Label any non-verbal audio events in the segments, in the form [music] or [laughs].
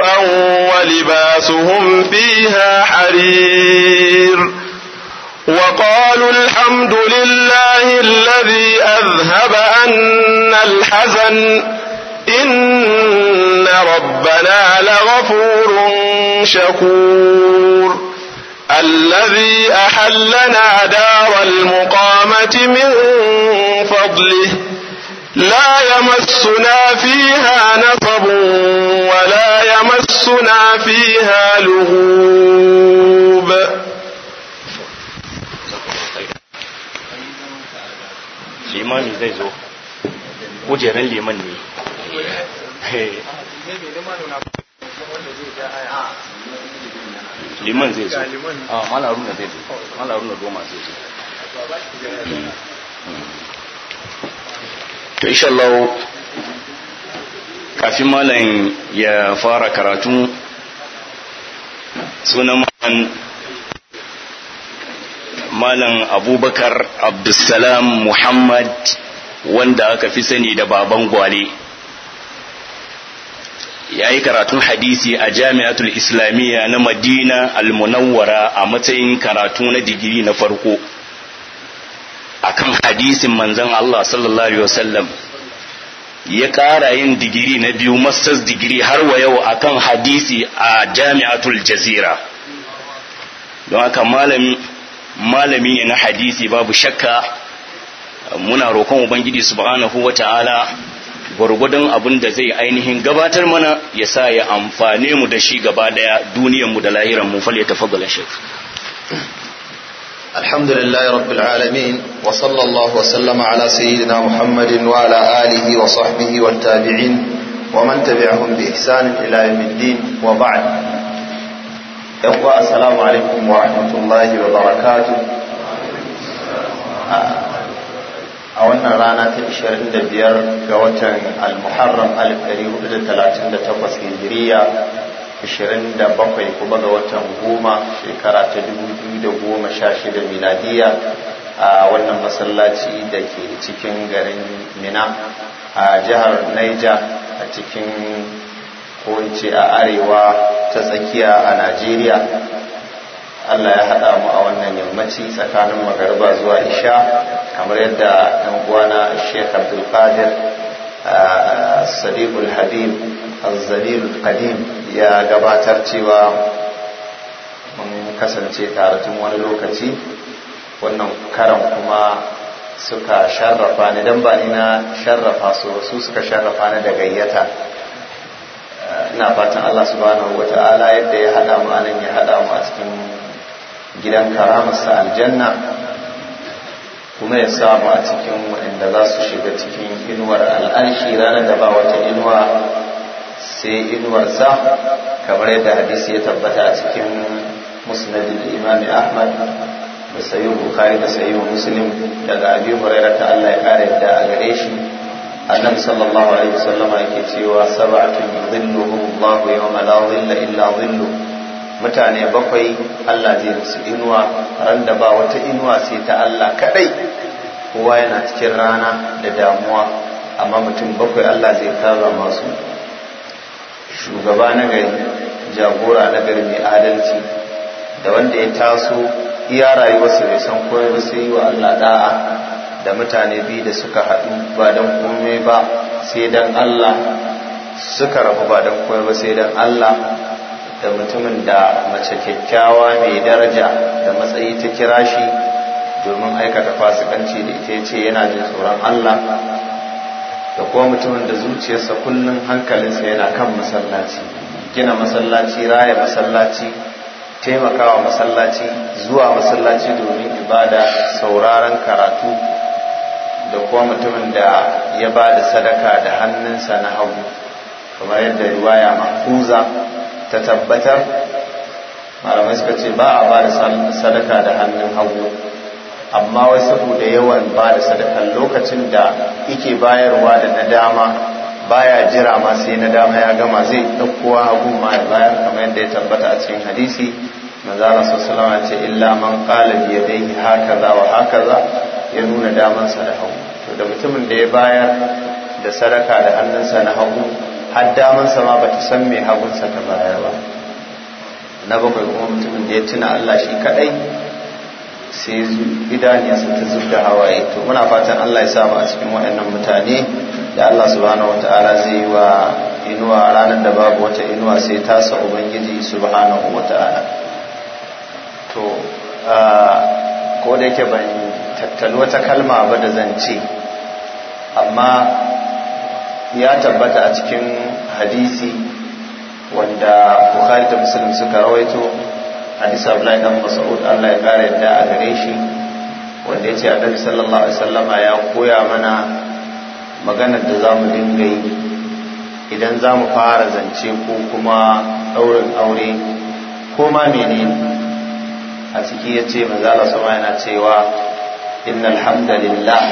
ولباسهم فيها حرير وقالوا الحمد لله الذي أذهب عنا الحزن إن ربنا لغفور شكور الذي أحلنا دار المقامة من فضله لا يمسنا فيها نصب ولا يمسنا فيها لغوب limani zai zo kujerar liman ne liman zai zo a ah, malaruna zai zo malaruna goma zai zo to insha Allah kafin malam ya fara karatu sunan malam abubakar abdulsalam muhammad wanda aka fi sani da baban gwale ya yi karatun hadisi a jami'atul islamiyya na madina al munawwara a matsayin karatu na digiri na farko akan hadisin manzon Allah sallallahu alaihi wasallam ya ƙara yin digiri na biyu masters digiri har wa yau akan hadisi a jami'atul jazira don haka malami malami ne na hadisi babu shakka muna roƙon ubangiji subhanahu wata'ala gwargwadon abin da zai ainihin gabatar mana ya sa ya amfane mu da shi gaba daya duniyarmu da lahiran mu fal ya tafaddala shekh الحمد لله رب العالمين وصلى الله وسلم على سيدنا محمد وعلى آله وصحبه والتابعين ومن تبعهم بإحسان إلى يوم الدين وبعد يقوى السلام عليكم ورحمة الله وبركاته a wannan rana ta 25 ga watan al-muharram 1438 hijiriya 27 kuma ga watan goma shekara ta 2016 miladiya a wannan masallaci da ke cikin garin mina a jihar Niger a cikin kowace a arewa ta tsakiya a najeriya allah ya haɗa mu a wannan yammaci tsakanin magarba zuwa isha kamar yadda ɗan uwana sheikh abdulkadir sadiqul habib azzalil qadim ya gabatar cewa mun kasance tare tun wani lokaci wannan karan kuma suka sharrafa ni dan ba ni na sharrafa su su suka sharrafa ni da gayyata ina fatan Allah subhanahu ta'ala yadda ya hada mu anan ya haɗa mu a cikin gidan karamarsa aljanna kuma ya sa mu a cikin waɗanda za su shiga cikin inuwar al'ashi ranar da ba wata inuwa sai inuwarsa kamar yadda hadisi ya tabbata a cikin musnadin imami ahmad da sayi bukari da sayi muslim daga abi huraira ta allah ya kare yadda a gare shi annabi sallallahu alaihi wasallama yake cewa sab'atun yudhilluhum allah yawma la dhilla illa dhillu mutane bakwai allah zai su inuwa ran da ba wata inuwa sai ta allah kadai kowa yana cikin rana da damuwa amma mutum bakwai allah zai kara masu shugaba na gari jagora na gari mai adalci da wanda ya taso iya rayuwarsa bai san koyar sai yi wa Allah da'a da mutane biyu da suka haɗu ba don komai ba sai don Allah suka rabu ba don komai ba sai don Allah da mutumin da mace kyakkyawa mai daraja da matsayi ta kira shi domin aikata fasikanci da ita ce yana jin tsoron Allah da kuma mutumin da zuciyarsa kullum hankalinsa yana kan masallaci gina masallaci raya masallaci taimakawa masallaci zuwa masallaci domin ibada sauraron karatu da kuma mutumin da ya ba da sadaka da hannunsa na hagu kamar yadda riwaya mahfuza ta tabbatar malamai suka ce ba a ba da sadaka da hannun hagu amma wai saboda yawan ba da sadakan lokacin da ike bayarwa da nadama baya jira ma sai nadama ya gama zai ɗaukowa hagu ma ya bayar kamar yadda ya tabbata a cikin hadisi manzo Allah sallallahu alaihi ce illa man qala bi yadayhi hakaza wa hakaza ya nuna damansa da hagu to da mutumin da ya bayar da sadaka da hannunsa na hagu har damansa ma bata san me hagunsa ta bayar ba na bakwai kuma mutumin da ya tuna Allah shi kaɗai. sai idaniyarsa ta zubda hawaye to muna fatan Allah ya samu a cikin waɗannan mutane da Allah subhanahu ta'ala zai yi wa inuwa ranar da babu wata inuwa sai tasa ubangiji subhanahu ta'ala to ko da yake ban tattali wata kalma ba da zan zance amma ya tabbata a cikin hadisi wanda bukhari da muslim suka rawaito hadisi abdullahi dan mas'ud Allah ya kare yadda a gare shi wanda ya ce annabi sallallahu alaihi wasallama ya koya mana maganar da zamu dinga yi idan zamu fara zance ko kuma daurin aure ko ma menene a ciki ya ce manzo Allah yana cewa innal hamdalillah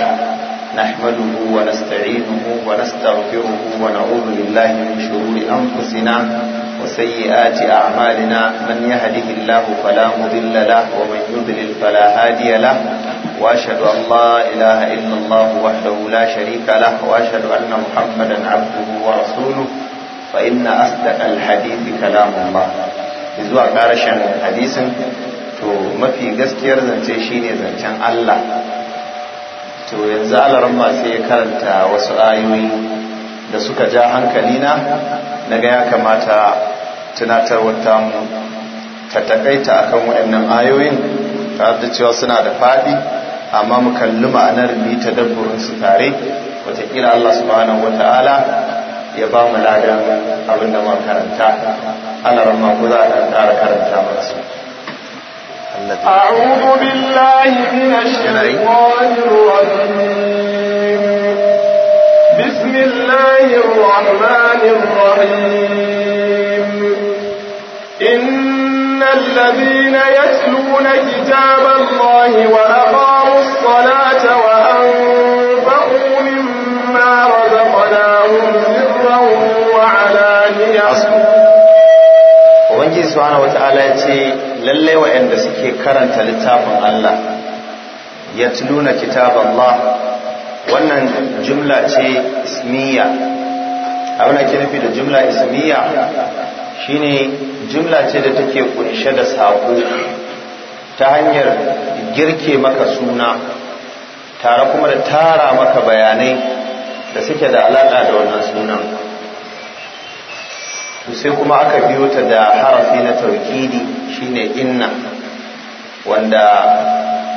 نحمده ونستعينه ونستغفره ونعوذ بالله من شرور أنفسنا وسيئات أعمالنا من يهده الله فلا مضل له ومن يضلل فلا هادي له وأشهد أن لا إله إلا الله وحده لا شريك له وأشهد أن محمدا عبده ورسوله فإن أصدق الحديث كلام الله zuwa ƙarashen hadisin to mafi gaskiyar zance shine zancen Allah to yanzu alaran sai ya karanta wasu ayoyi da suka ja hankali na ga ya kamata tunatarwar mu ta takaita akan waɗannan ayoyin ta da cewa suna da faɗi amma mu kalli ma'anar bi ta dabburin su tare wataƙila Allah subhanahu wata'ala ya ba mu ladan abin da karanta alaran ma ku za a ƙara karanta masu الذي أعوذ بالله من الشيطان الرجيم بسم الله الرحمن الرحيم إن الذين يتلون كتاب الله وأقاموا الصلاة وأنفقوا مما رزقناهم سرا وعلانية وبنجي سبحانه وتعالى يقول lallai waɗanda suke karanta littafin Allah ya tununa kitaban Allah wannan jumla ce ismiya abin da ke nufi da jumla ismiya shine jumla ce da take kunshe da saƙo ta hanyar girke maka suna tare kuma da tara maka bayanai da suke da alaƙa da wannan sunan to sai kuma aka biyo ta da harafi na taukidi shine inna wanda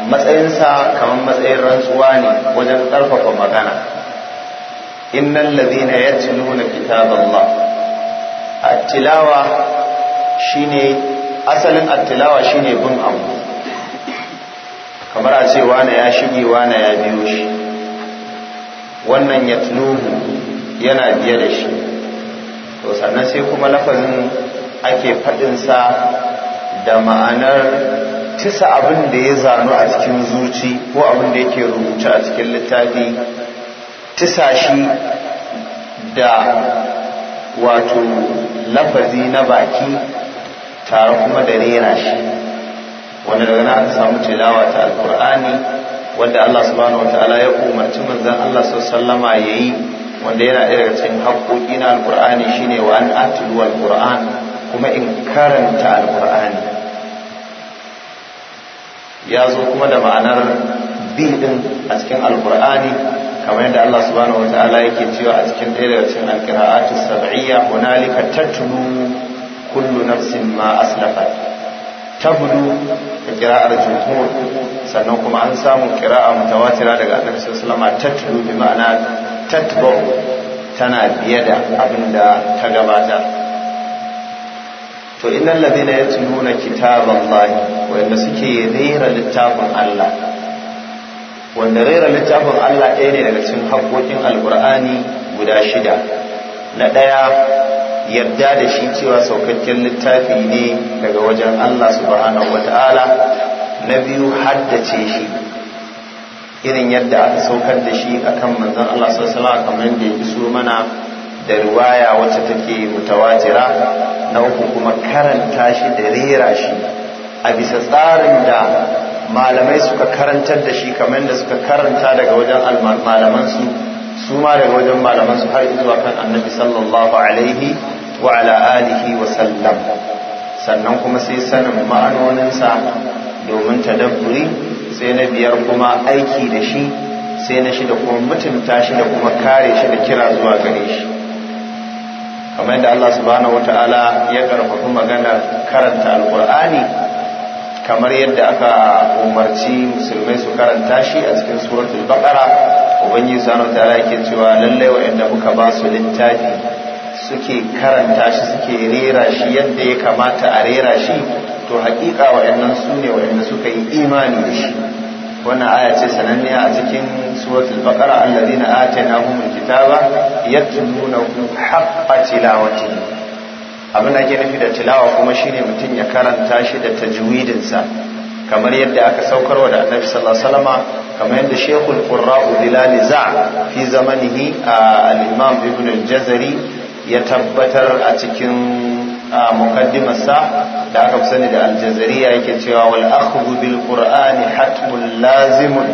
matsayinsa kamar matsayin rantsuwa ne wajen ƙarfafa magana innan lazina ya nuna kitaballah attilawa shine asalin attilawa shine bin abu kamar a ce wane ya shige wane ya biyo shi wannan ya yana biye da shi to sannan sai kuma lafazin ake faɗinsa da ma'anar tisa abin da ya zano a cikin zuci ko abin da yake rubuce a cikin littafi tisa shi da wato lafazi na baki tare kuma da rera shi wanda daga nan aka samu tilawa ta alkur'ani wanda Allah subhanahu wa ta'ala ya umarci manzon Allah sallallahu alaihi wasallama yayi wanda yana daya daga cikin haƙoƙi na alƙur'ani shine wa an atlu alƙur'an kuma in karanta alƙur'ani ya zo kuma da ma'anar bi din a cikin alƙur'ani kamar yadda Allah subhanahu wataala yake cewa a cikin ɗaya daga cikin alƙira'atu sab'iyya hunalika tatlu kullu nafsin ma aslafat tabulu da kira'ar jumhur sannan kuma an samu kira'a mutawatira daga annabi sallallahu alaihi wasallam tatlu bi ma'ana tatbau tana biye da abin da ta gabata to innal ladina yatluna kitaballahi inna suke rera littafin Allah wanda rera littafin Allah ɗaya ne daga cikin haƙoƙin alƙur'ani guda shida na ɗaya yarda da shi cewa saukakken littafi ne daga wajen Allah subhanahu wata'ala na biyu haddace shi irin yadda aka saukar da shi akan manzon Allah sallallahu alaihi wasallam kamar yadda ya so mana da riwaya wacce take mutawatira na uku kuma karanta shi da rera shi a bisa tsarin da malamai suka karantar da shi kamar da suka karanta daga wajen malaman su ma daga wajen malaman su har zuwa kan annabi sallallahu alaihi wa ala wa sallam sannan kuma sai sanin ma'anoninsa domin tadabburi sai na biyar kuma aiki da shi sai na shida kuma mutunta shi da kuma kare shi da kira zuwa gare shi kamar yadda Allah subhanahu wata'ala ya karfafi magana karanta alkur'ani kamar yadda aka umarci musulmai su karanta shi a cikin suratul baqara ubangiji subhanahu wata'ala yake cewa lallai wa'anda muka ba su littafi suke karanta shi suke rera shi yadda ya kamata a rera shi to haƙiƙa wa'annan su ne wa'anda suka yi imani da shi wannan aya ce sananniya a cikin suratul baqara alladhina atainahumul kitaba yatlunahu haqqa tilawatihi abin da ake nufi da tilawa kuma shine mutum ya karanta shi da tajwidin sa kamar yadda aka wa da Annabi sallallahu alaihi kamar yadda Shekul Qurra Dilali Za fi zamanihi al-Imam Ibn al-Jazari ya tabbatar a cikin a mukaddimarsa da aka fi sani da aljazariya yake cewa wal'akhu bil qur'ani hatmun lazimun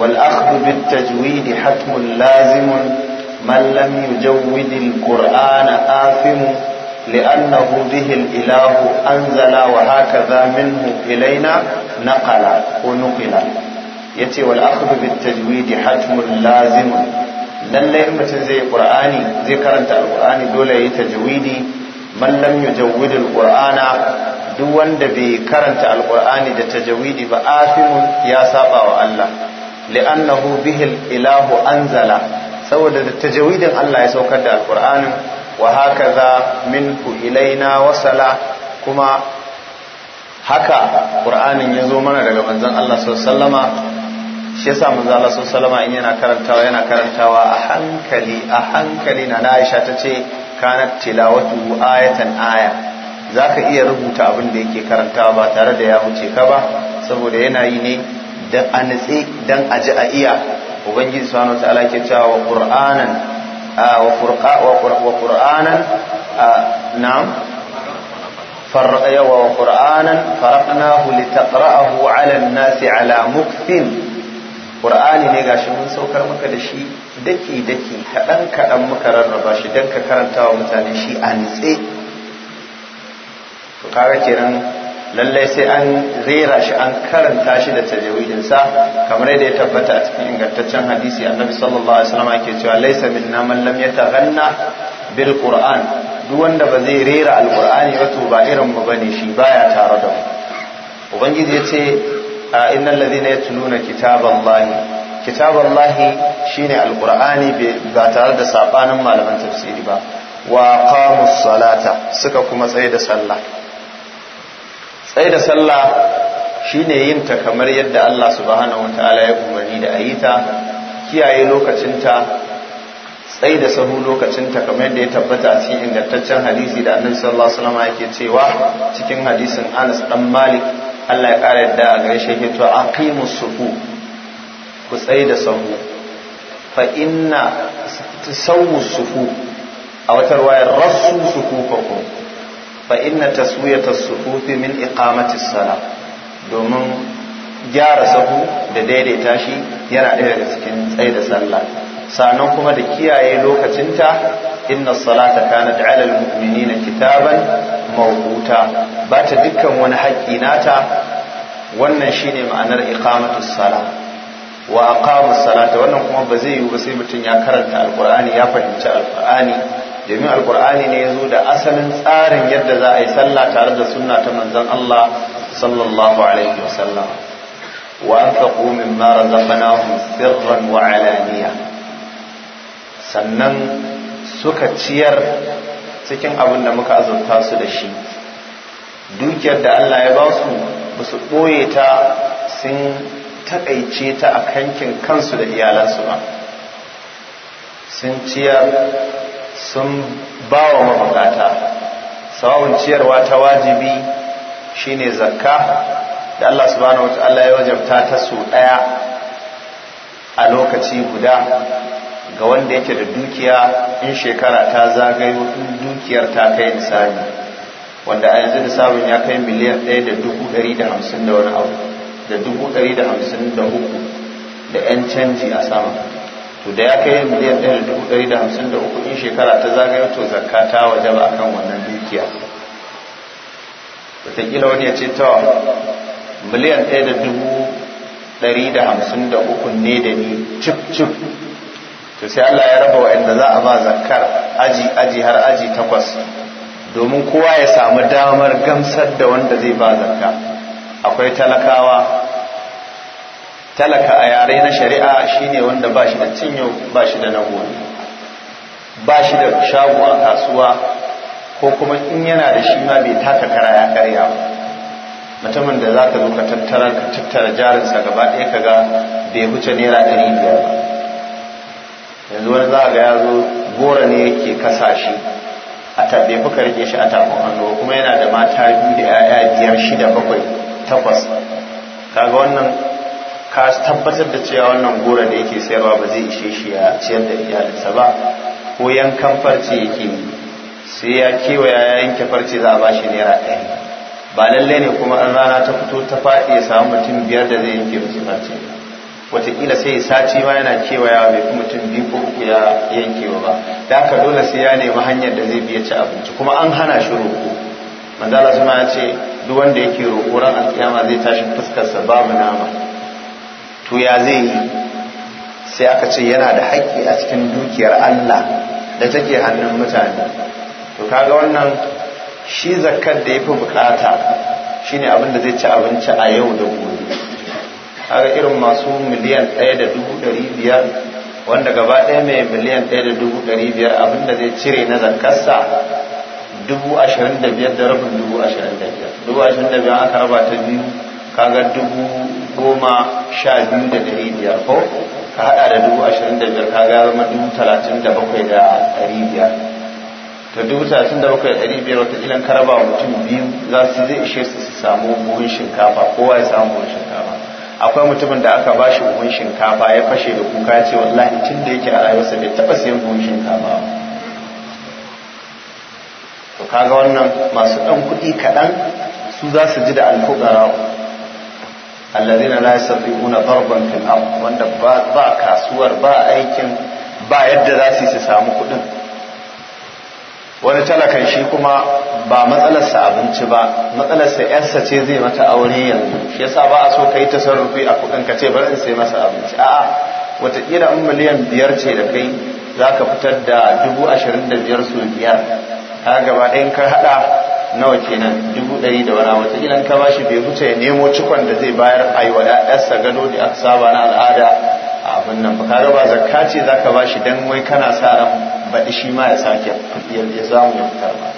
wal'akhu bil tajwidi hatmun lazimun mallami jawidin ƙur'ana afimu li'annahu bihil ilahu anzala wa haka zamin mu ilaina na ƙala ko nukila ya ce wal'akhu bil tajwidi hatmun lazimun lallai in mutum zai yi qur'ani zai karanta alqur'ani dole yayi tajwidi man lam yujawwid alqur'ana duk wanda bai karanta alqur'ani da tajwidi ba afimun ya saba wa Allah li'annahu bihil ilahu anzala saboda da tajwidin Allah ya saukar da alqur'anin wa hakaza minhu ilaina wasala kuma haka ƙur'anin ya zo mana daga manzon Allah sallallahu alaihi wasallama shi yasa manzo Allah sallallahu alaihi yana karantawa yana karantawa a hankali a hankali na Aisha tace kanat tilawatu ayatan aya zaka iya rubuta abin da yake karantawa ba tare da ya wuce ka ba saboda yana yi ne da anatsi dan aji a iya ubangiji subhanahu ta'ala yake cewa wa qur'anan wa furqa wa qur'anan na'am فرق يوا وقرآنا فرقناه لتقرأه على qur'ani ne gashi mun saukar maka da shi daki daki kaɗan kaɗan muka rarraba shi don ka karanta wa mutane shi a nitse to kaga kenan lallai sai an rera shi an karanta shi da tajawidinsa kamar yadda ya tabbata a cikin ingantaccen hadisi annabi sallallahu alaihi wasallam yake cewa laisa minna man lam yataghanna bil qur'an duk wanda ba zai rera alqur'ani ba to ba irin mu bane shi baya tare da mu ubangiji ya ce innal ladina yatluna kitaballahi kitabar lahi shine alkur'ani ba tare da sabanin malaman tafsiri ba wa salata suka kuma tsaye da sallah tsaye da sallah shine yin ta kamar yadda Allah subhanahu wataala ya umarni da ayita kiyaye lokacinta tsaye da sahu lokacinta kamar yadda ya tabbata a cikin ingantaccen hadisi da annabi sallallahu alaihi wasallam yake cewa cikin hadisin Anas dan Malik Allah ya ƙara yadda a gare shi to to aqimus sufu ku tsayi da sahu fa inna sawu sufu a wata ruwayar rasu sufufakum fa inna taswiyata sufufi min iqamati sala domin gyara sahu da daidaita shi yana ɗaya daga cikin tsayi da sallah sannan kuma da kiyaye lokacinta inna salata kanat ala na kitaban mawuta ba ta dukkan wani haƙƙi nata wannan shine ma'anar iqamatus sala wa aqamus salata wannan kuma ba zai yiwu ba sai mutum ya karanta alqur'ani ya fahimci alqur'ani domin alqur'ani ne zo da asalin tsarin yadda za a yi sallah tare da sunna ta manzon Allah sallallahu alaihi wasallam wa anfaqu mimma razaqnahum sirran wa alaniya sannan suka ciyar cikin abin da muka azurta su da shi dukiyar da Allah ya ba su basu ɓoye ta sun taƙaice ta a kankin kansu da iyalansu ba sun ciyar sun ba wa mabukata sawawun ciyarwa ta wajibi shine zakka da Allah subhanahu wa ta'ala ya wajabta ta su ɗaya a lokaci guda ga wanda yake da dukiya in shekara ta zagayo in dukiyar ta kai misali wanda a yanzu nisabin ya kai miliyan ɗaya da dubu ɗari da hamsin da wani abu da dubu ɗari da hamsin da uku da ‘yan canji a sama to da ya kai miliyan ɗaya da dubu ɗari da hamsin da uku in shekara ta zagayo to zakka ta waje ba akan wannan dukiya wataƙila wani ya ce ta miliyan ɗaya da dubu ɗari da hamsin da uku ne da ni cif cif to sai Allah ya raba wa'anda za a ba zakar aji aji har aji takwas domin kowa ya samu damar gamsar da wanda zai ba zakka akwai talakawa talaka a yare na shari'a shine wanda ba shi da cinyo ba shi da nagoni ba shi da shago a kasuwa ko kuma in yana da shi ma bai taka kara ya karya mutumin da za ka zo ka tattara jarinsa gaba ɗaya ka ga bai huce naira ɗari biyar ba yanzu wani za ga ya zo goro ne yake kasa shi a tabe buka rike shi a tafin hannu kuma yana da mata biyu da 'ya'ya biyar shida bakwai takwas kaga wannan ka tabbatar da cewa wannan goro da yake sayarwa ba zai ishe shi ya ciyar da iyalinsa ba ko yankan farce yake yi sai ya kewaya ya yanke farce za a ba shi naira ɗaya ba lallai ne kuma an rana ta fito ta faɗi ya samu mutum biyar da zai yanke musu farce ba watakila sai sati ma yana kewayawa bai fi mutum biyu ko ya yankewa ba da haka dole sai ya nemi hanyar da zai biya ci abinci kuma an hana shi roƙo manzala suna ya ce duk wanda yake roƙo ran alƙiyama zai tashi fuskarsa babu nama to ya zai yi sai aka ce yana da haƙƙi a cikin dukiyar Allah da take hannun mutane to kaga wannan shi zakkar da ya fi bukata shine abin da zai ci abinci a yau da gobe haka irin masu miliyan ɗaya da dubu biyar wanda gaba ɗaya mai miliyan ɗaya da dubu biyar abinda zai cire na zarkarsa dubu ashirin da biyar da rabin dubu ashirin da biyar dubu ashirin da biyar aka raba ta biyu kaga dubu goma sha biyu da biyar ko ka haɗa da dubu ashirin da biyar kaga zama dubu talatin da bakwai da biyar to dubu talatin da bakwai da ɗari biyar wata ka karaba mutum biyu za su zai ishe su su samu buhun shinkafa kowa ya samu buhun shinkafa akwai mutumin da aka ba shi buhun shinkafa ya fashe da kuka ya ce wallahi tun da yake a rayuwarsa bai taɓa siyan buhun shinkafa ba to kaga wannan masu ɗan kuɗi kaɗan su za su ji da alfugara na la yastati'una darban fil filam wanda ba kasuwar ba aikin ba yadda za su samu kuɗin wani talakan shi kuma ba matsalarsa abinci ba matsalarsa yarsa ce zai mata aure yanzu shi yasa ba a so ka yi tasarrufi a kuɗin ka ce bari in sai masa abinci a'a watakila in miliyan biyar ce da kai za ka fitar da dubu ashirin da biyar su biyar ka gaba ɗayan ka haɗa nawa kenan dubu ɗari da wani wataƙila ka ba shi bai wuce ya nemo cikon da zai bayar a yi wa yarsa gado da aka saba na al'ada a abin nan ba ka gaba zakka ce za ka bashi dan wai kana sa ran Faɗi shi ma ya sake ya zamu ya fitar ba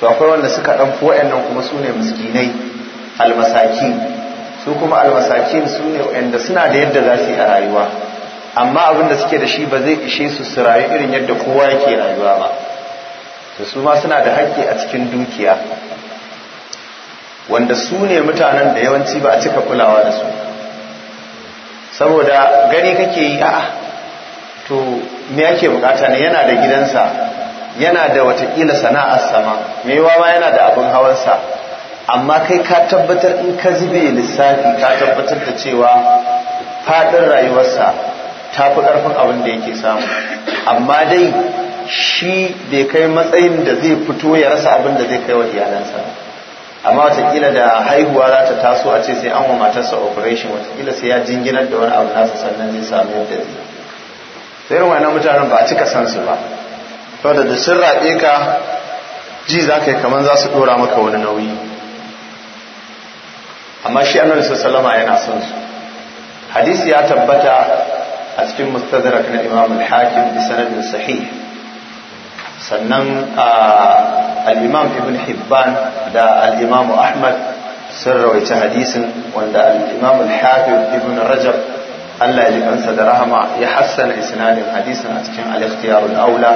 to akwai wanda suka ɗauko waɗannan kuma su ne miskinai almasaki su kuma almasakin su ne waɗanda suna da yadda za su yi a rayuwa amma abin da suke da shi ba zai ishe su su rayu irin yadda kowa yake rayuwa ba to su ma suna da haƙƙi a cikin dukiya wanda su ne mutanen da yawanci ba a cika kulawa da su saboda gani kake yi a'a to me ake bukata ne yana da gidansa yana da watakila sana'ar sama mewa ma yana da abin sa, amma kai ka tabbatar in ka zube lissafi ka tabbatar da cewa fadin rayuwarsa ta fi karfin abin da yake samu amma dai shi bai kai matsayin da zai fito ya rasa abin da zai kai wa iyalansa amma watakila da haihuwa za ta taso a ce sai an wa matarsa operation watakila sai ya jinginar da wani abu nasa sannan zai samu yadda zai sai irin wannan mutanen ba a cika san su ba saboda da sun raɗe ka ji za ka yi kamar za su ɗora maka wani nauyi amma shi annabi sallama yana son su hadisi ya tabbata a cikin mustadrak na imam al-hakim bi sanadin sahih sannan al-imam ibn hibban da al-imam ahmad sun rawaita hadisin wanda al-imam al ibn rajab Allah ya ji kansa da rahama ya hassana isnadin hadisin a cikin al-ikhtiyarul aula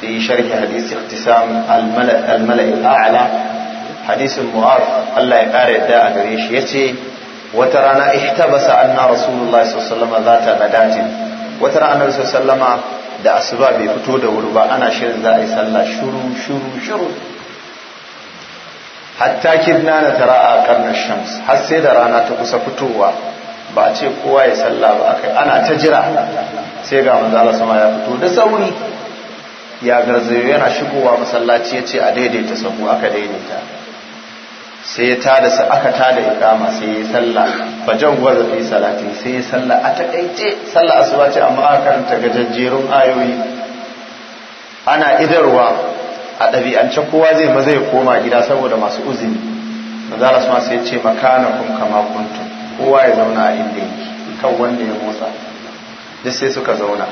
fi sharhi hadisi ihtisam al-mala'i al-a'la hadisin mu'az Allah ya kare yadda a gare shi yace wata rana ihtabasa anna rasulullahi sallallahu alaihi wasallam zata gadatin wata rana annabi sallallahu da asuba bai fito da wuri ba ana shirin za a yi sallah shuru shuru shuru hatta kidna na tara'a karnar shams har sai da rana ta kusa fitowa ba ce kowa ya sallah ba akai ana ta jira sai ga manzala sama ya fito da sauri ya garzayo yana shigowa masallaci ya ce a daidaita sahu aka daidaita sai ya tada sa aka tada ikama sai ya sallah fajan gwarza fi salati sai ya sallah a takaice sallah asuba ce amma aka karanta gajajjerun ayoyi ana idarwa a ɗabi'ance kowa zai ba zai koma gida saboda masu uzini manzala sama sai ya ce makanakum kama kuntum kowa ya zauna a inda yake kan wanda ya motsa duk sai suka zauna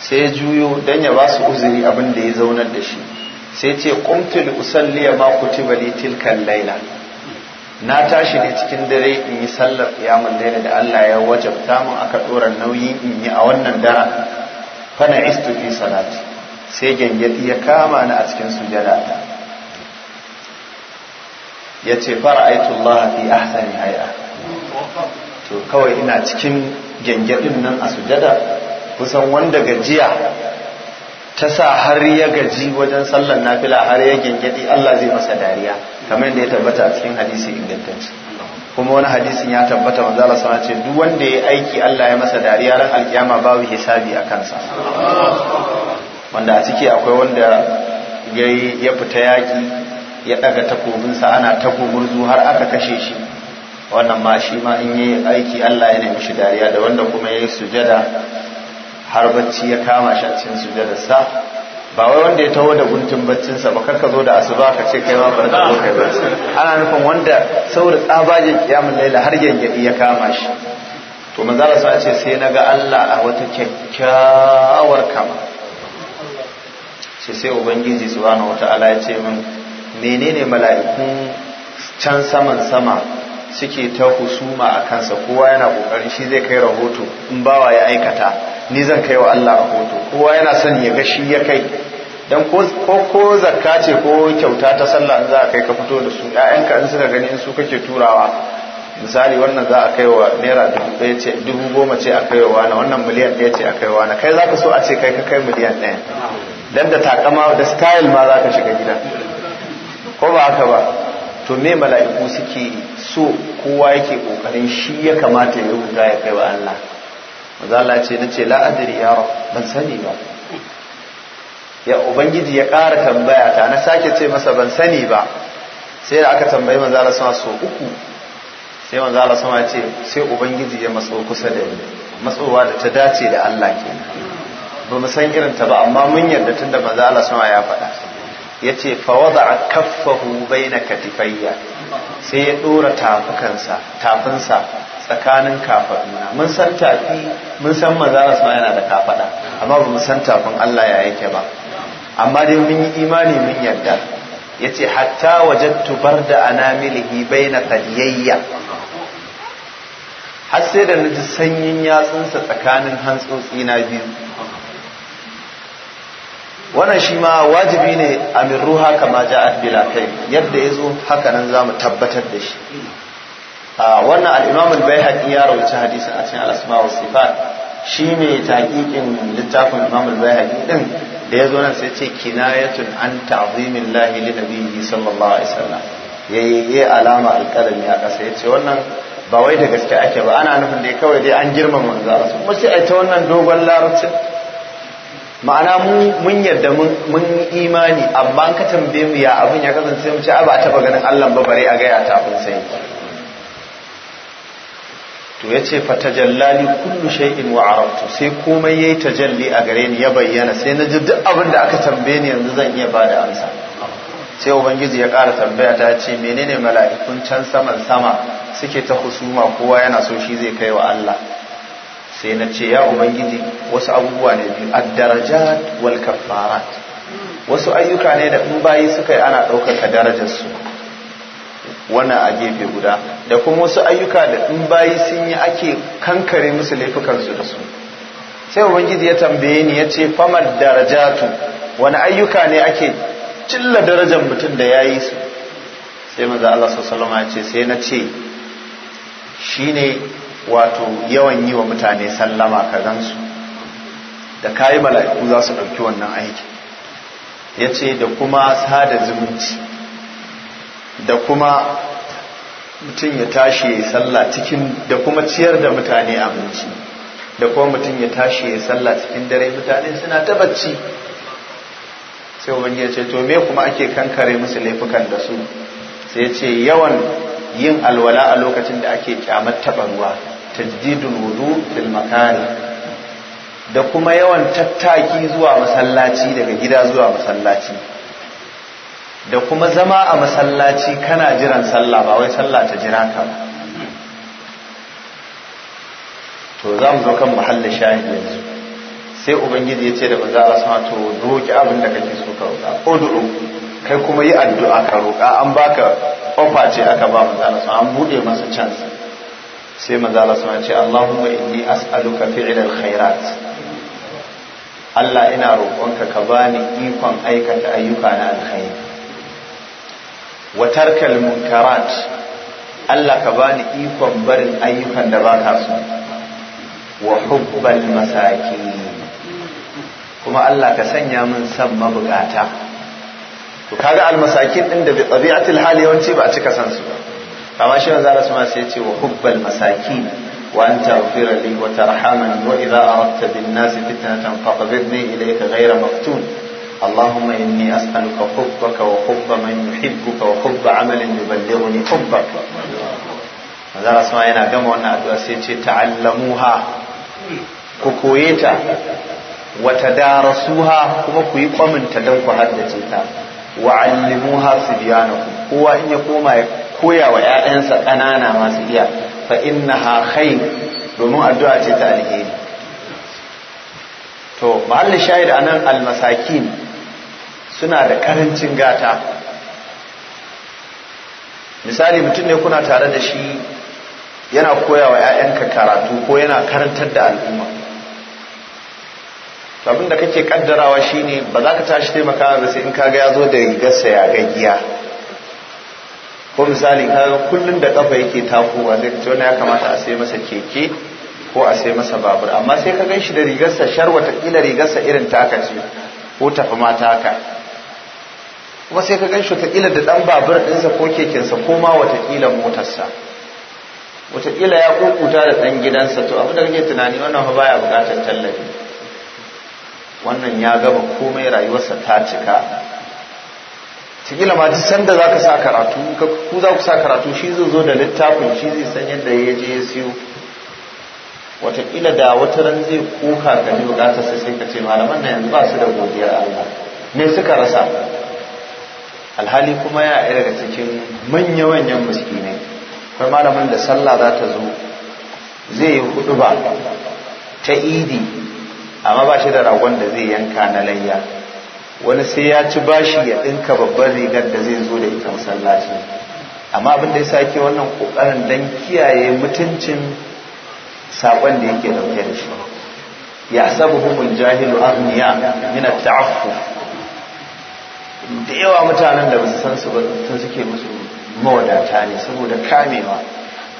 sai ya juyo dan ya ba su uzuri abin da ya zaunar da shi sai ce qumtul usalli ma kutiba li tilkan laila na tashi ne cikin dare in yi sallar qiyamul laila da Allah ya wajabta mun aka dora nauyi in yi a wannan daren fana istu fi salati sai gangadi ya kama ni a cikin sujada ta yace fara aitullah fi ahsani hay'a to kawai ina cikin gyangyaɗin nan a sujada kusan wanda gajiya ta sa har ya gaji wajen sallan nafila har ya gyangyaɗi Allah zai masa dariya kamar yadda ya tabbata a cikin hadisi ingantacci kuma wani hadisin ya tabbata manzo Allah sana ce duk wanda ya aiki Allah ya masa dariya ran alkiyama babu hisabi a kansa wanda a ciki akwai wanda ya fita yaki ya daga takobinsa ana takobin har aka kashe shi wannan ma shi ma in yi aiki Allah ya nemi shi dariya da wanda kuma ya yi sujada har bacci ya kama shi a cikin ba wai wanda ya taho da guntun baccinsa ba karka zo da asuba ka ce kai ma bar ka zo kai bacci ana nufin wanda saboda tsabajin kiyamul laila har gyangyaɗi ya kama shi to manzala sa ce sai naga Allah a wata kyakkyawar kama sai sai ubangiji subhanahu wataala ya ce min menene mala'ikun can saman sama suke ta husuma a kansa kowa yana kokarin shi zai kai rahoto in bawa ya aikata ni zan kai wa Allah rahoto kowa yana son ya ga shi ya kai dan ko ko zakka ce ko kyauta ta sallah za a kai ka fito da su ƴaƴanka in suka gani in su kake turawa misali wannan za a kai wa naira dubu ɗaya ce dubu goma ce a kai wa wani wannan miliyan ɗaya ce a kai wa na kai za ka so a ce kai ka kai miliyan ɗaya dan da takama da style ma za ka shiga gida ko ba haka ba to me mala'iku suke so kowa yake kokarin shi ya kamata ya rubuta ya kai wa Allah maza Allah ce na ce la'adari yaro ban sani ba ya ubangiji ya ƙara tambaya ta na sake ce masa ban sani ba sai da aka tambayi maza Allah sama so uku sai maza Allah sama ce sai ubangiji ya matso kusa da ni matsowa da ta dace da Allah kenan ba mu san irin ta ba amma mun yarda tunda maza Allah sama ya faɗa Yace ce fawada a kaffahu bai na katifayya sai ya ɗora tafinsa tsakanin kafaɗuna mun san tafi mun san mazara su yana da kafaɗa amma ba mu san tafin Allah ya yake ba amma dai mun yi imani mun yarda Yace, hatta wajattu tubar da anamilihi bai na kadiyayya har sai da na ji sanyin yatsunsa tsakanin hantsotsina biyu wannan shi ma wajibi ne a min ruha kama ja'at bila kai yadda ya zo haka nan za mu tabbatar da shi a wannan al'imamun bai haƙi ya rauci hadisin a cikin al'asma wa sifat shi ne taƙiƙin littafin imamul bai haƙi ɗin da ya zo nan sai ce kinayatun an ta'zimin lahi li nabiyyi sallallahu alaihi wasallam yayi alama alƙalami a ƙasa yace wannan ba wai da gaske ake ba ana nufin da kawai dai an girmama manzo rasul kuma sai ai ta wannan dogon larabcin ma'ana mun yadda mun imani amma ka tambaye mu ya abin ya kasance mu ce a ba taba ganin Allah ba bare a gaya ta kun sai to yace fa tajallali kullu shay'in wa aratu sai komai yayi tajalli a gare ni ya bayyana sai na ji duk abin da aka tambaye ni yanzu zan iya bada amsa sai ubangiji ya kara tambaya ta ce menene mala'ikun can saman sama suke ta husuma kowa yana so shi zai kai wa Allah sai na ce ya ubangiji wasu abubuwa ne biyu a daraja wal wasu ayyuka ne da in bayi suka yi ana ɗaukaka darajar su wannan a gefe guda da kuma wasu ayyuka da in bayi sun yi ake kankare musu laifukansu su da su sai ubangiji ya tambaye ni ya ce famar darajatu wani ayyuka ne ake cilla darajar mutum da ya yi su sai maza Allah sallallahu ya ce sai na ce shine wato yawan yi wa mutane sallama ka gansu da kayi mala'iku za su ɗauki wannan aiki. ya ce da kuma sada zumunci da kuma mutum ya tashi ya sallah cikin da kuma ciyar da mutane abinci da kuma mutum ya tashi ya sallah cikin dare mutane suna ta bacci sai ya ce to me kuma ake kankare musu laifukan da su sai ce yawan yin alwala a lokacin da ake kyamar taɓa ruwa tajdidul wudu fil makari da kuma yawan tattaki zuwa masallaci daga gida zuwa masallaci da kuma zama a masallaci kana jiran sallah ba wai sallah ta jira ka ba to za mu zo kan muhallin shahid yanzu sai ubangiji ya ce da manzo a sama to roki abin da kake so ka Ko ud'u kai kuma yi addu'a ka roka an baka ofa ce aka ba zana Allah an buɗe masa chance sai maza Allah suna ce Allahumma inni as'aluka fi'lal khairat Allah ina roƙonka ka bani ikon aikata ayyuka na alkhairi wa tarkal munkarat Allah ka bani ikon barin ayyukan da baka so wa hubbal masakin kuma Allah ka sanya min san mabukata to kaga almasakin din da bi tabi'atil hali yawanci ba a cika san su ba amma shi manzo Allah sama sai ya ce wa hubbal masakin wa an taghfira li wa tarhamani wa idza aradta bin nasi fitnatan faqbidni ilayka ghayra maftun اللهم إني أسألك حبك وحب من يحبك وحب عمل يبلغني حبك manzan asma yana gama wannan addu'a sai ce ta'allamuha ku koye ta wata darasuha kuma ku yi kwaminta dan ku haddace ta wa allimuha su biya kowa in ya koma ya koya wa ‘ya'yansa ƙanana masu iya fa inna ha khair domin addu'a ce ta alheri to mahallin shahid a nan almasakin suna da karancin gata misali mutum ne kuna tare da shi yana koya wa ‘ya'yanka karatu ko yana karantar da al'umma abin da kake kaddarawa shine ba za ka tashi taimaka ba sai in kaga ya zo da rigarsa ya gaggiya ko misali kaga kullun da kafa yake takowa zai to ne ya kamata a sai masa keke ko a sai masa babur amma sai ka ganshi da rigarsa ta kila rigarsa irin taka ce ko tafi mata kuma sai ka ganshi ta kila da dan babur ɗinsa ko kekensa ko ma wata kila motarsa wata kila ya kokuta da dan gidansa to abin da kake tunani wannan fa baya bukatar tallafi wannan ya gaba komai rayuwarsa ta cika kila ma duk sanda za ka sa karatu ku za ku sa karatu shi zai zo da littafin shi zai san yadda ya je ya siyo watakila da wata ran zai koka ka ji bukatar sai sai ka ce malaman na yanzu ba su da godiyar Allah me suka rasa alhali kuma ya ɗaya daga cikin manya-manyan miskinai akwai malamin da sallah za ta zo zai yi hudu ba ta idi amma ba shi da ragon da zai yanka na layya wani sai ya ci bashi ya ɗinka babban rigar da zai zo da ita masallaci amma abin da ya sake wannan ƙoƙarin don kiyaye mutuncin saƙon da yake ɗauke da shi ya sabu hukun jahilu arniya min ta'affu da yawa mutanen da basu san su ba sun suke musu mawadata ne saboda kamewa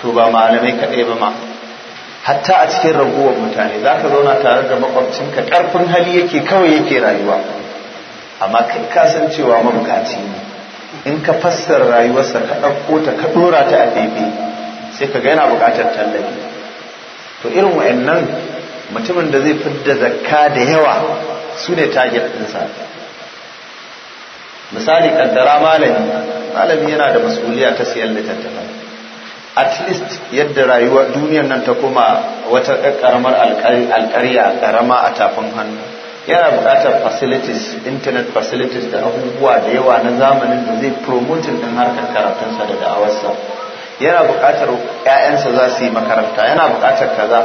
to ba malamai kaɗai ba ma hatta a cikin raguwar mutane za ka zauna tare da makwabcinka ƙarfin hali yake kawai yake rayuwa amma kai kasancewa mabukaci ne in ka fassara rayuwarsa ka ɗauko ta ka ɗora ta a daidai sai ka ga yana buƙatar tallafi to irin wa'annan mutumin da zai fidda zakka da yawa su ne target ɗinsa misali kaddara malami malami yana da masuliya ta siyan littattafai at least yadda rayuwar duniyar nan ta koma wata ƙaramar alƙarya ƙarama a tafin hannu yana buƙatar facilities internet facilities da abubuwa da yawa na zamanin da zai promoting din harkar karatunsa da da'awarsa yana buƙatar 'ya'yansa za su yi makaranta yana buƙatar kaza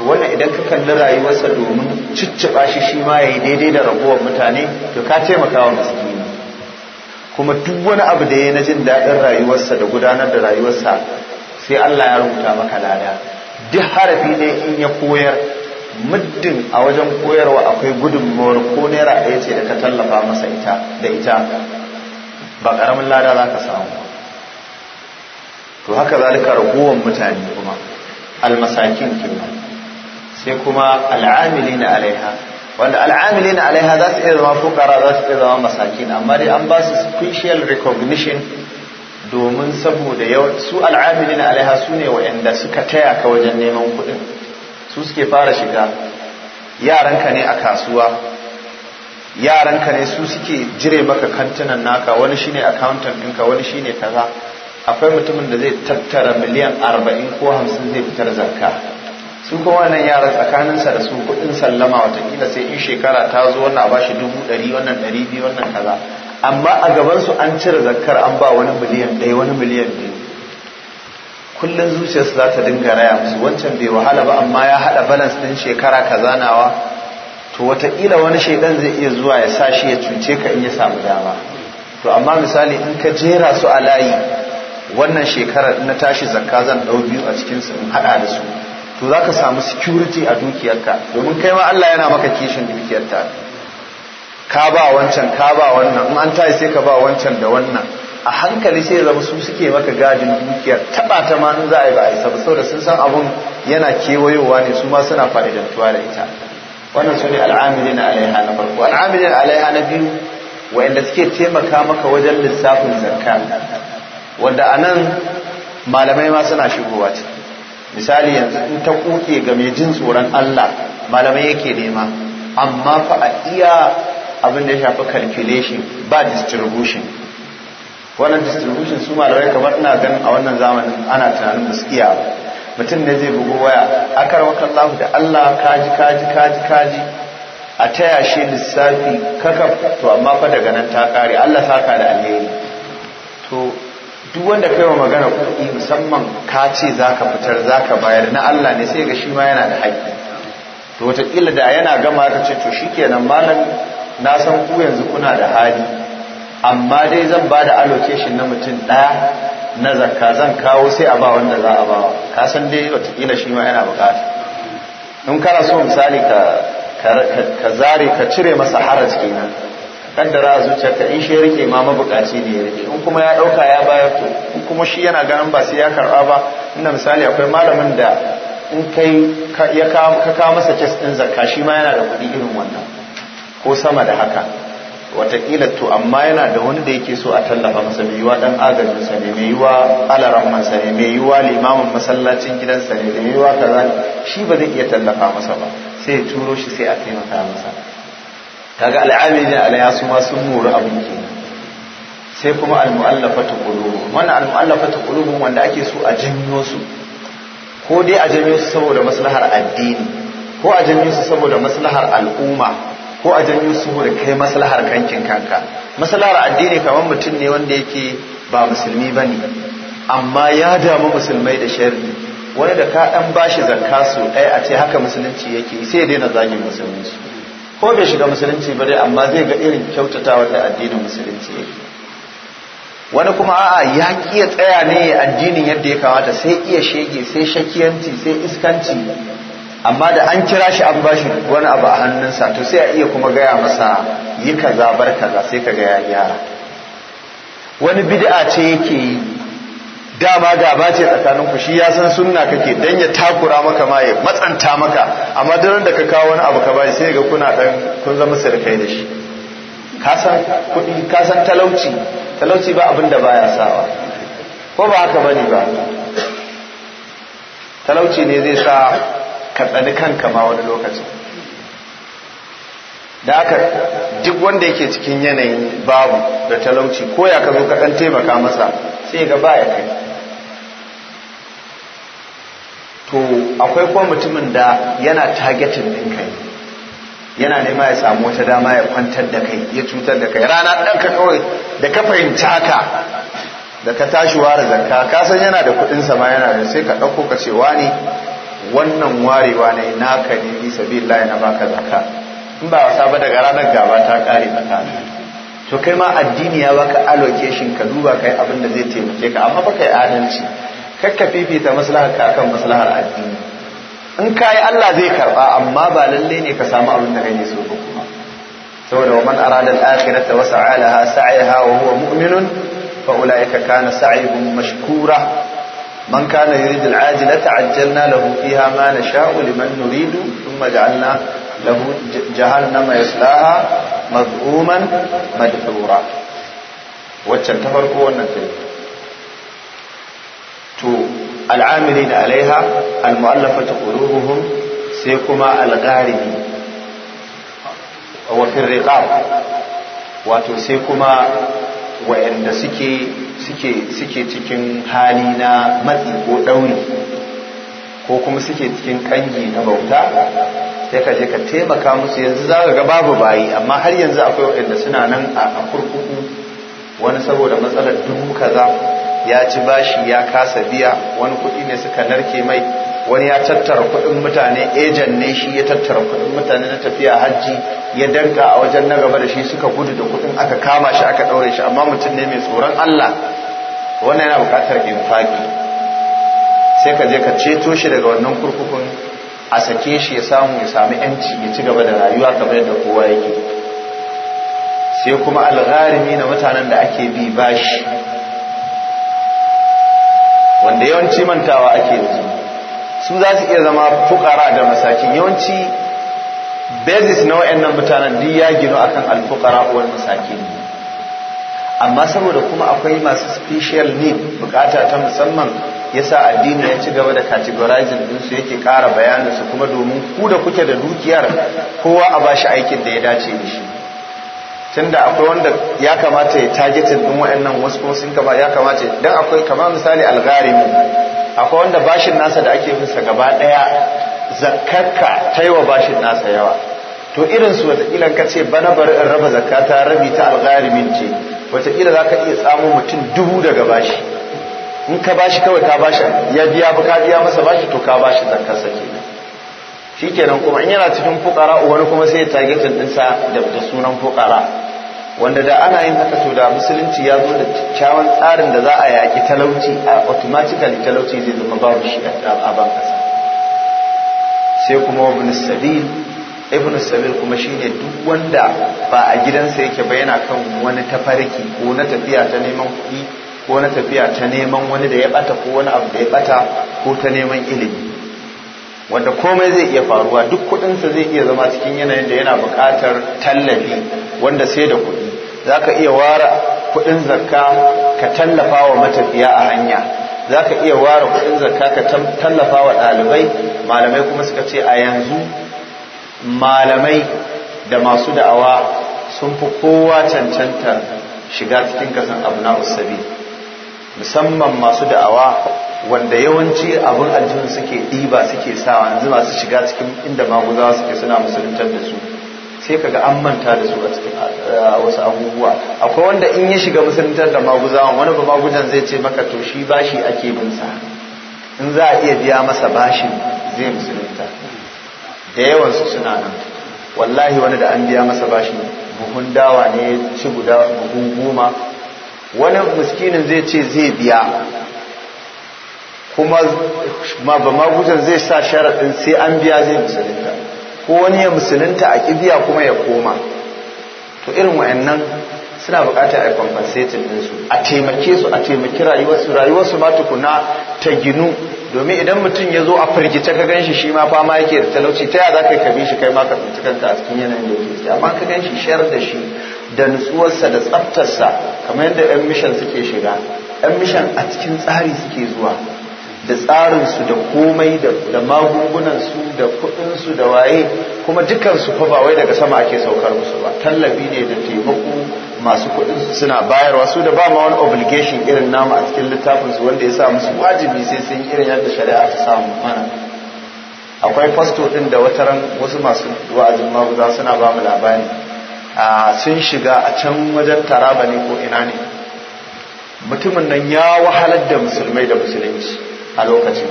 To wannan idan ka kalli rayuwarsa domin cicciɓa shi shi ma yayi daidai da ragowar mutane to ka taimaka wa miskini kuma duk wani abu da yayi na jin daɗin rayuwarsa da gudanar da rayuwarsa sai Allah ya rubuta maka lada duk harafi ne in ya koyar muddin a wajen koyarwa akwai gudunmuwar ko naira ɗaya ce da ka tallafa masa ita da ita ba ƙaramin lada za ka samu to haka zalika ragowar mutane kuma almasakin kima sai kuma al'amili na alaiha wanda al'amili na alaiha za su iya zama fukara za su iya zama masakin amma dai an ba su special recognition domin saboda su al'amili na alaiha su ne wa'anda suka taya ka wajen neman kuɗin su suke fara shiga yaranka ne a kasuwa yaranka ne su suke jire maka kantinan naka wani shine accountant ɗinka wani shine kaza akwai mutumin da zai tattara miliyan arba'in ko hamsin zai fitar zakka su kuma wannan yara sa da su kuɗin sallama watakila sai in shekara ta zo wannan ba shi dubu ɗari wannan ɗari biyu wannan kaza amma a gabansu an cire zakkar an ba wani miliyan ɗaya wani miliyan biyu kullum zuciyarsu za ta dinga raya musu wancan bai wahala ba amma ya haɗa balance ɗin shekara kazanawa to watakila wani shaidan zai iya zuwa ya sa shi ya cuce ka in ya samu dama to amma misali in ka jera su a layi wannan shekarar na tashi zakka zan ɗau biyu a cikinsu in haɗa da su to zaka samu security a dukiyarka domin kai ma Allah yana maka kishin dukiyarta ka ba wancan ka ba wannan in an tashi sai ka ba wancan da wannan a hankali sai zama su suke maka gadin dukiyar taba ta ma za a yi ba a isa ba saboda sun san abun yana kewayowa ne su ma suna fa'idantuwa da ita wannan su ne al'amilin alaiha na farko al'amilin alaiha na biyu wa'inda suke taimaka maka wajen lissafin zakka wanda a nan malamai ma suna shigowa ci misali yanzu in ta kuke ga mai jin tsoron Allah malamai yake nema amma fa a iya abin da ya shafi calculation ba distribution wannan distribution su malamai kamar ina ganin a wannan zamanin ana tunanin ba mutum ne zai bugo waya akar karwakan lafi da allah kaji kaji kaji kaji a taya shi lissafi kaka to amma fa daga nan ta kare allah saka da alheri to duk wanda kai wa magana kuɗi musamman ka ce za fitar zaka bayar na allah ne sai ga shi ma yana da haƙƙi to wataƙila da yana gama ka ce to shi kenan malam na san ku yanzu kuna da hali amma dai zan ba da allocation na mutum ɗaya na zakka zan kawo sai a ba wanda za a ba wa kasan dai watakila shi ma yana bukata in kana so misali ka zare ka cire masa haraj kenan kaddara a zuciyarka in shi ya rike ma mabukaci ne ya rike in kuma ya dauka ya bayar to in kuma shi yana ganin ba sai ya karba ba inda misali akwai malamin da in kai ka kawo masa kes din zakka shi ma yana da kuɗi irin wannan ko sama da haka watakila to amma yana da wani da yake so a tallafa masa mai yiwa dan agajin sa ne mai yiwa alaran masa ne mai yiwa limamin masallacin gidansa ne mai yiwa kaza shi ba zai iya tallafa masa ba sai ya turo shi sai a taimaka masa kaga al'amili alaya su ma sun muru abin ke sai kuma almu'allafatu qulubu wannan almu'allafatu qulubu wanda ake so a janyo su ko dai a janyo su saboda maslahar addini ko a janyo su saboda maslahar al'umma ko a janyo da kai maslahar kankin kanka maslahar addini kamar mutum ne wanda yake ba musulmi bane amma ya damu musulmai da sharri wani da ka ɗan bashi zakka su ɗaya a ce haka musulunci yake sai ya daina zagin musulmi su ko bai shiga musulunci ba dai amma zai ga irin kyautatawa da addinin musulunci yake wani kuma a'a ya ki ya tsaya ne addinin yadda ya kamata sai iya shege sai shakiyanci sai iskanci amma da an kira shi an bashi wani abu a hannunsa to sai a iya kuma gaya masa yi kaza bar kaza sai ka gaya gyara wani bid'a ce yake yi dama gaba ce tsakanin ku shi ya san sunna kake dan ya takura maka ma ya matsanta maka amma don da ka kawo wani abu ka bashi sai ga kuna dan kun zama sirkai da shi ka kuɗi ka san talauci talauci ba abin da baya sawa ko ba haka bane ba talauci ne zai sa ka tsani kanka ma wani lokacin da aka duk wanda yake cikin yanayin babu da talauci ko ya ka zo ka ɗan taimaka masa sai ga baya kai to akwai kuma mutumin da yana targetin ɗin kai yana nema ya samu wata dama ya kwantar da kai ya cutar da kai rana ɗanka kawai da ka fahimta ka, da ka tashi ware zakka ka san yana da kuɗin ma yana da sai ka ɗauko ka ce wani wannan warewa ne naka ne fi sabilillah na baka zakka in ba wasa ba daga ranar gaba ta kare tsakanin to kai ma addini ya baka allocation ka duba kai abin da zai taimake ka amma baka yi adalci kakka fifita maslahar ka akan maslahar addini in ka Allah zai karba amma ba lalle ne ka samu abin da kake so ba kuma saboda wa man arada al-akhirata wa sa'alaha sa'yaha wa huwa mu'minun fa ulaika kana sa'yuhum mashkura من كان يريد العاجلة عجلنا له فيها ما نشاء لمن نريد ثم جعلنا له جهنم يسلاها مذءوما مدحورا waccan ta farko wannan ta to al'amili na alaiha al-mu'allafa ta ƙururuhun sai kuma al wato sai kuma wayanda suke cikin hali na matsi ko ɗauri ko kuma suke cikin kangi na bauta sai ka je ka taimaka musu yanzu za ka ga babu bayi amma har yanzu akwai wayanda suna nan a kurkuku wani saboda matsalar dubu kaza ya ci bashi ya kasa biya wani kuɗi ne suka narke mai wani ya tattara kuɗin mutane ejan ne shi ya tattara kuɗin mutane na tafiya hajji ya danka a wajen na gaba da shi suka gudu da kuɗin aka kama shi aka ɗaure shi amma mutum ne mai tsoron Allah wannan yana bukatar infaki sai ka je ka ceto shi daga wannan kurkukun a sake shi ya samu ya sami yanci ya ci gaba da rayuwa kamar yadda kowa yake sai kuma algharimi na mutanen da ake bi bashi wanda yawanci mantawa ake yanzu su za su iya zama fukara da masaki yawanci basis na nan mutanen duk ya gino akan alfukara masaki ne amma saboda kuma akwai masu special need bukata ta musamman yasa addini ya ci gaba da categorizing din su yake kara bayanin su kuma domin ku da kuke da dukiyar kowa a ba shi aikin da ya dace da shi tunda akwai wanda ya kamata ya targetin din wayannan wasu kuma sun kama ya kamata dan akwai kamar misali algharimi akwai wanda bashin nasa da ake bisa gaba daya zakkarka ta yi wa bashin nasa yawa to irin su wataƙila ka ce bana bari in raba zakata rabi ta algarimin ce wataƙila za ka iya tsamo mutum dubu daga bashi in ka bashi kawai ka bashi ya biya ba ka biya masa bashi to ka bashi shi kenan kuma in yana cikin fukara wani kuma sai ya targetin ɗinsa da sunan fukara wanda da ana yin haka to da musulunci ya zo da kyakkyawan tsarin da za a yaƙi talauci a automatically talauci zai zama babu shi a ban ƙasa sai kuma wa sabil ibn sabil kuma shine duk wanda ba a gidansa yake ba yana kan wani tafarki ko na tafiya ta neman kuɗi ko na tafiya ta neman wani da ya bata ko wani abu da ya bata ko ta neman ilimi wanda komai zai iya faruwa duk kudinsa zai iya zama cikin yanayin da yana buƙatar tallafi wanda sai da kuɗi za ka iya ware kuɗin zakka ka tallafa wa matafiya a hanya za ka iya ware kuɗin zakka ka tallafa wa ɗalibai malamai kuma suka ce a yanzu malamai da masu da'awa sun fi kowa cancanta shiga cikin kasan abu na musamman masu da'awa wanda yawanci abin aljihun suke ɗiba suke sawa yanzu masu shiga cikin inda maguzawa suke suna musuluntar da su sai kaga an manta da su a cikin wasu abubuwa akwai wanda in ya shiga musuluntar da maguzawan wani ba magudan zai ce maka to shi bashi ake bin sa in za a iya biya masa bashin zai musulunta da yawan su suna nan wallahi wani da an biya masa bashin buhun dawa ne ci guda buhun goma wani miskinin zai ce zai biya kuma ma ba magutan zai sa sharaɗin sai an biya zai musulunta ko wani ya musulunta a kibiya kuma ya koma to irin wa'annan suna buƙatar a yi compensating ɗinsu a taimake su a taimaki rayuwarsu rayuwarsu ma tukuna ta ginu domin idan mutum ya zo a firgita ka ganshi shi ma fama yake da talauci ta yaya za ka kabi shi kai ma ka tuntu kanka a cikin yanayin da yake amma ka ganshi shayar da shi da nutsuwarsa da tsaftarsa kamar yadda yan mishan suke shiga yan mishan a cikin tsari suke zuwa da tsarin su da komai da magungunan su da su da waye kuma su fa ba wai daga sama ake saukar musu ba tallafi ne da taimako masu kudinsu suna bayarwa su da ba ma wani obligation irin namu a cikin littafinsu wanda ya sa musu wajibi sai sun irin yadda shari'a ta samu mana akwai fasto din da wata ran wasu masu wa'azin maguza suna ba mu labari sun shiga a can wajen taraba ne ko ina ne mutumin nan ya wahalar da musulmai da musulunci a lokacin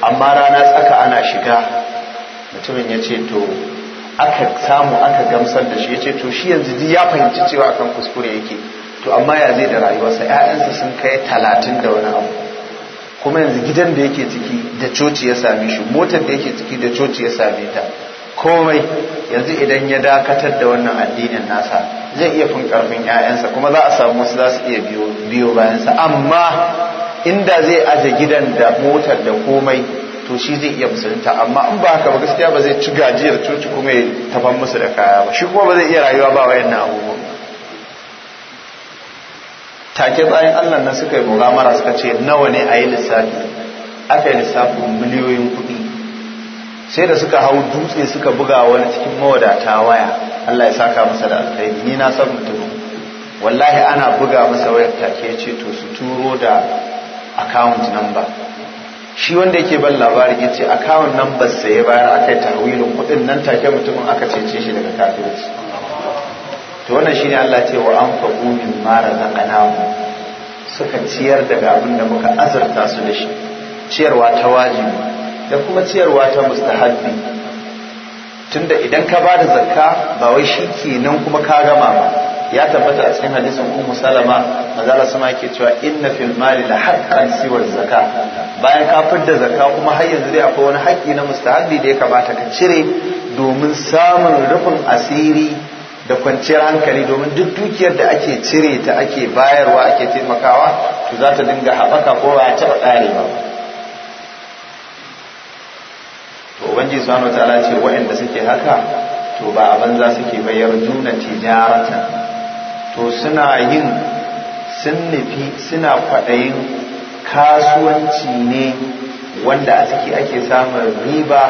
amma rana tsaka ana shiga mutumin ya ce to aka samu aka gamsar da shi ya ce to shi yanzu ji ya fahimci cewa kan kuskure yake to amma ya zai da rayuwarsa ‘ya'yansa sun kai talatin da wani abu kuma yanzu gidan da yake ciki da coci ya same shi motar da yake ciki da coci ya same ta komai yanzu idan ya dakatar da wannan addinin nasa zai iya fin karfin ‘ya'yansa kuma za a samu wasu za su iya biyo bayansa amma inda zai aje gidan da motar da komai to shi zai iya musulunta amma in ba haka ba gaskiya ba zai ci gajiyar coci kuma ya taban musu da kaya ba shi kuma ba zai iya rayuwa ba wayan na abubuwa. take bayan allah nan suka yi mugamara suka ce nawa ne a yi lissafi aka yi lissafin miliyoyin kuɗi sai da suka hau dutse suka buga wani cikin mawadata waya allah ya saka masa da alkhairi ni na san mutum wallahi ana buga masa wayar take ce to su turo da account number shi wanda yake ban labari ya ce account number sai ya bayar aka yi kudin nan take mutumin aka cece shi daga kafirci to wannan shine Allah ce wa an faqu min ma razaqnahu suka ciyar daga abin da muka azurta su da shi ciyarwa ta wajibi da kuma ciyarwa ta mustahabbi tunda idan ka bada zakka ba wai shi kenan kuma ka gama ba ya tabbata a cikin hadisin ummu salama manzala sama yake cewa inna fil mali la haqqan siwa zaka bayan ka fidda zaka kuma har yanzu dai akwai wani haƙƙi na mustahabi da ya kamata ka cire domin samun rufin asiri da kwanciyar hankali domin duk dukiyar da ake cire ta ake bayarwa ake taimakawa to za ta dinga haɓaka ko ba a taɓa ƙarewa ba to ubangiji subhanahu wataala ce waɗanda suke haka to ba a banza suke bayar nuna tijaratan to suna yin sun nufi suna kwaɗayin kasuwanci ne wanda a ciki ake samun riba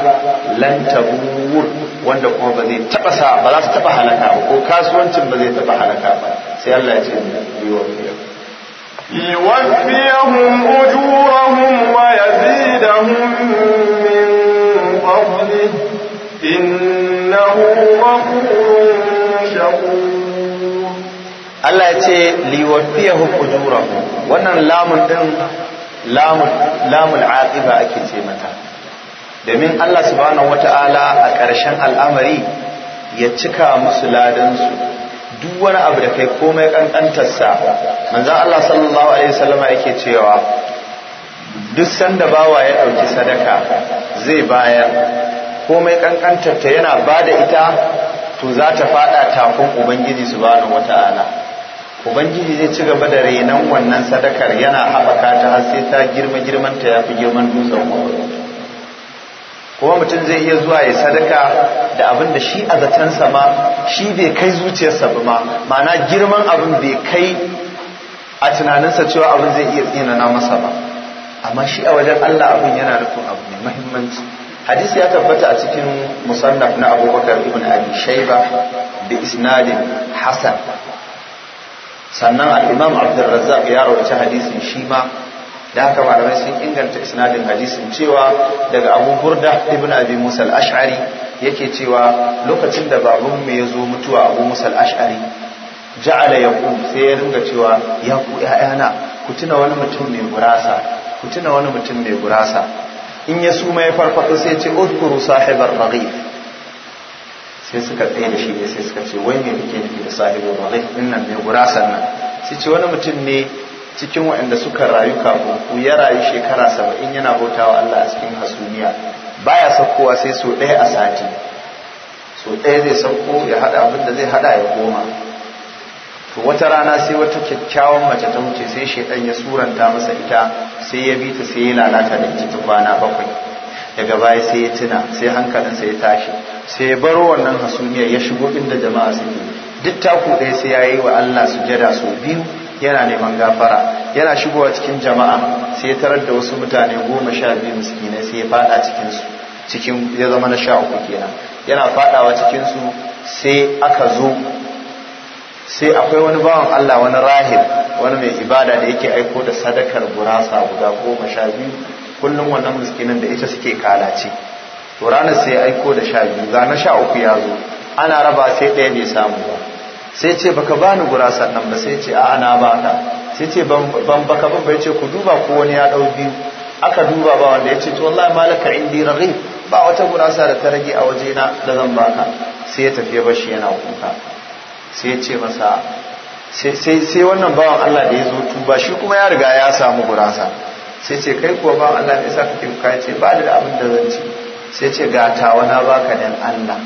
lantabur wanda kuma ba zai taba sa ba za su taba halaka ba ko kasuwancin ba zai taba halaka ba sai Allah ya ce liwafiyahum ujurahun wa yazidahum min fadlihi innahu ghafurun shakur Allah ya ce liwafiyahu ujurahum wannan lamun din lamun lamul aqiba ake ce mata domin Allah subhanahu wata'ala a ƙarshen al'amari ya cika musu ladan su duk wani abu da kai komai sa manzo Allah sallallahu alaihi wasallama yake cewa duk sanda bawa ya ɗauki sadaka zai bayar komai ta yana bada ita to za ta fada tafin ubangiji subhanahu wata'ala ubangiji zai ci gaba da renon wannan sadakar yana haɓaka ta har sai ta girma girman ta ya fi girman dutsen kuma mutum zai iya zuwa ya sadaka da abin da shi a zatensa ma shi bai kai zuciyarsa ba ma ma'ana girman abin bai kai a tunaninsa cewa abin zai iya tsinana masa ba amma shi a wajen Allah abin yana nufin abu mai mahimmanci hadisi ya tabbata a cikin musannaf na abubakar ibn abi shaiba da isnadin hasan sannan al-imam abdurrazzaq ya rawaita hadisin shi ma da haka malamai sun inganta isnadin hadisin cewa daga abu burda ibn abi musa al-ash'ari yake cewa lokacin da babun mai ya zo mutuwa abu musa al-ash'ari ja'ala yaqum sai ya ringa cewa ya ku ya'yana ku tuna wani mutum mai gurasa ku tuna wani mutum mai gurasa in ya suma ya farfado sai ya ce udkuru sahibar raghif sai suka tsaye da shi ne sai suka ce wai ne muke nufi da sahibin maghrib din nan mai gurasan nan sai ce wani mutum ne cikin waɗanda suka rayu kafin ku ya rayu shekara saba'in yana bautawa Allah a cikin hasumiya baya saukowa sai so ɗaya a sati so ɗaya zai sauko ya haɗa abin da zai haɗa ya koma to wata rana sai wata kyakkyawan mace ta wuce sai shaidan ya suranta masa ita sai ya bi ta sai ya lalata da ita kwana bakwai daga baya sai ya tuna sai hankalinsa ya tashi sai ya baro wannan hasumiya ya shigo inda jama'a suke duk taku ɗaya sai ya yi wa Allah sujada sau biyu yana neman gafara yana shigowa cikin jama'a sai ya tarar da wasu mutane goma sha biyu miskinai sai ya fada cikin cikin ya zama na sha uku kenan yana fadawa cikin su sai aka zo sai akwai wani bawan Allah wani rahib wani mai ibada da yake aiko da sadakar gurasa guda goma sha biyu kullum wannan miskinin da ita suke kalace to ranar sai aiko da sha biyu ga na sha uku ya zo ana raba sai ɗaya bai samu ba sai ce baka bani gurasan nan ba sai ce a ana baka sai ce ban baka ban bai ce ku duba ko wani ya ɗau biyu aka duba ba wanda ya ce to wallahi malaka indi raghib ba wata gurasa da ta rage a wajena da zan baka sai ya tafi bashi yana kuka sai ya ce masa sai wannan bawan Allah da ya zo tuba shi kuma ya riga ya samu gurasa sai ce kai kuwa ba Allah ne sa kake kuka ce ba da abin da zan ci sai ce ga tawa na baka dan Allah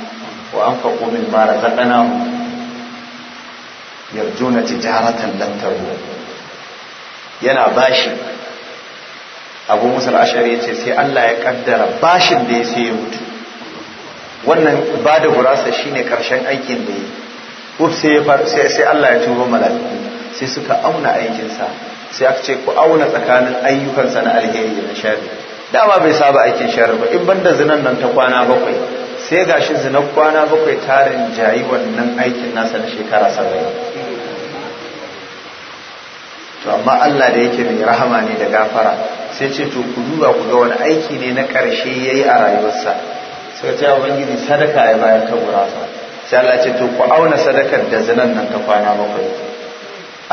wa an faqo min ma razaqana yarjuna tijaratan lan tabu yana bashi abu musul ashari ya ce sai Allah ya kaddara bashin da ya sai ya mutu wannan ba da gurasa shine karshen aikin da ya yi sai Allah ya tuba mala'iku sai suka auna aikinsa sai aka ce ku auna tsakanin ayyukansa na alheri da sharri dama bai saba aikin sharri ba in banda zinan nan ta kwana bakwai sai gashi zinan kwana bakwai tarin jayi wannan aikin nasa na shekara saba'in to amma Allah da yake mai rahama ne da gafara sai ce to ku duba ku ga wani aiki ne na karshe yayi a rayuwarsa sai ta ubangiji sadaka ya bayar ta gurasa sai Allah ce to ku auna sadakar da zinan nan ta kwana bakwai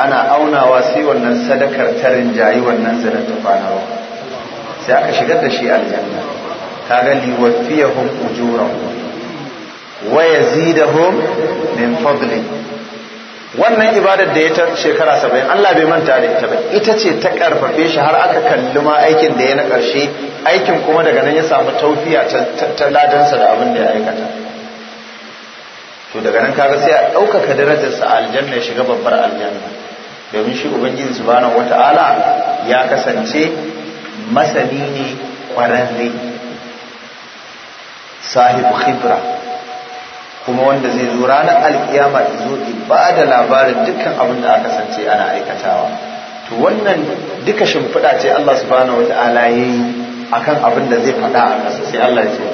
ana aunawa sai wannan sadakar ta rinjayi wannan zinar ta kwana ba sai aka shigar da shi aljanna kaga liwafiyahum ujurahum wa hun min fadli wannan ibadar da ya ta shekara saba'in Allah bai manta da ita ba ita ce ta karfafe shi har aka kalli ma aikin da ya na karshe aikin kuma daga nan ya samu taufiya ta ladansa da abin da ya aikata to daga nan kaga sai a ɗaukaka darajarsa a aljanna ya shiga babbar aljanna domin shi ubangiji subhanahu wata'ala ya kasance masani ne kwararre sahibu khibra kuma wanda zai zo ranar alkiyama zo ba da labarin dukkan abin da aka kasance ana aikatawa to wannan duka shimfiɗa ce Allah subhanahu wata'ala yayi akan abin da zai faɗa a ƙasa sai Allah ya ce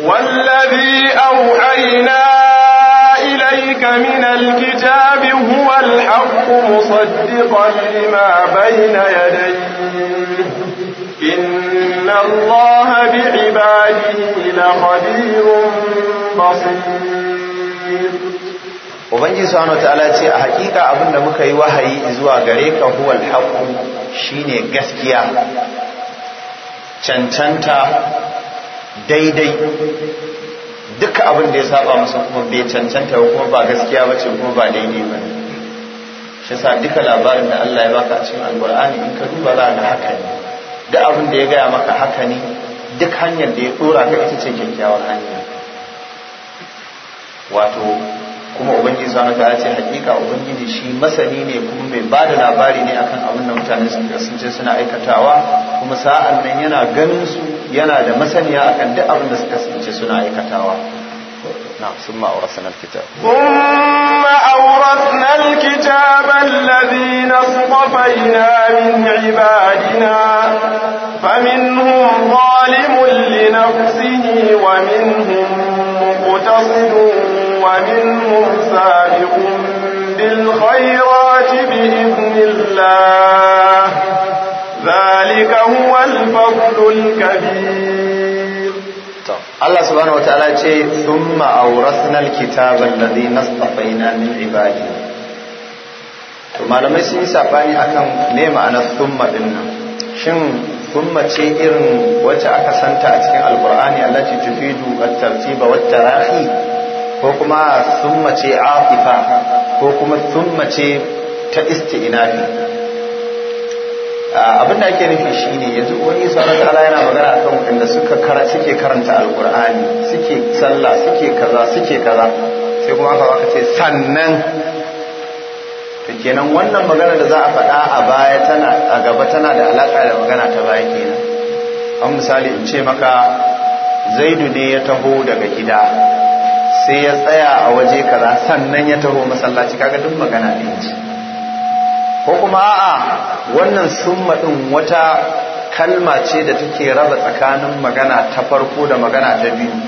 wallazi auhayna إليك من الكتاب هو الحق مصدقا لما بين يديه إن الله بعباده لخبير بصير Ubangiji Subhanahu ta'ala ce a hakika abin da muka yi wahayi zuwa gare ka huwal haqqu shine gaskiya cancanta daidai Duka abin da ya saba masa kuma bai cancanta kuma ba gaskiya ba ce kuma ba daidai ba shi sa duka labarin da Allah ya baka a cikin alkur'ani in ka duba za ka haka ne duk abin da ya gaya maka haka ne duk hanyar da ya dora ka ita ce kyakkyawar hanya wato kuma ubangiji sanu ta ce hakika ubangiji shi masani ne kuma mai ba da labari ne akan abin da mutane sun ce suna aikatawa kuma sa'an nan yana ganin su yana da masaniya akan duk abin da suka kasance suna aikatawa نعم ثم أورثنا الكتاب ثم أورثنا الكتاب الذين اصطفينا من عبادنا فمنهم ظالم لنفسه ومنهم مقتصد ومنهم سابق بالخيرات بإذن الله ذلك هو الفضل الكبير الله سبحانه وتعالى ce ثم أورثنا الكتاب الذي نصطفينا من عبادنا to malamai sun yi sabani akan me ma'anar thumma din nan shin thumma ce irin wacce aka santa a cikin alqur'ani allati tufidu at-tartiba wat-tarahi ko kuma thumma ce ko kuma thumma ce ta isti'nafi Abin da ake nufi shine yanzu wani sauran ta'ala yana magana akan waɗanda suka kara suke karanta alkur'ani suke sallah suke kaza suke kaza sai kuma aka waka ce sannan to kenan wannan magana da za a faɗa a baya tana a gaba tana da alaƙa da magana ta baya kenan an misali in ce maka zaidu ne ya taho daga gida sai ya tsaya a waje kaza sannan ya taho masallaci kaga duk magana ɗin ce ko kuma a'a wannan summa din wata kalma ce da take raba tsakanin magana ta farko da magana ta biyu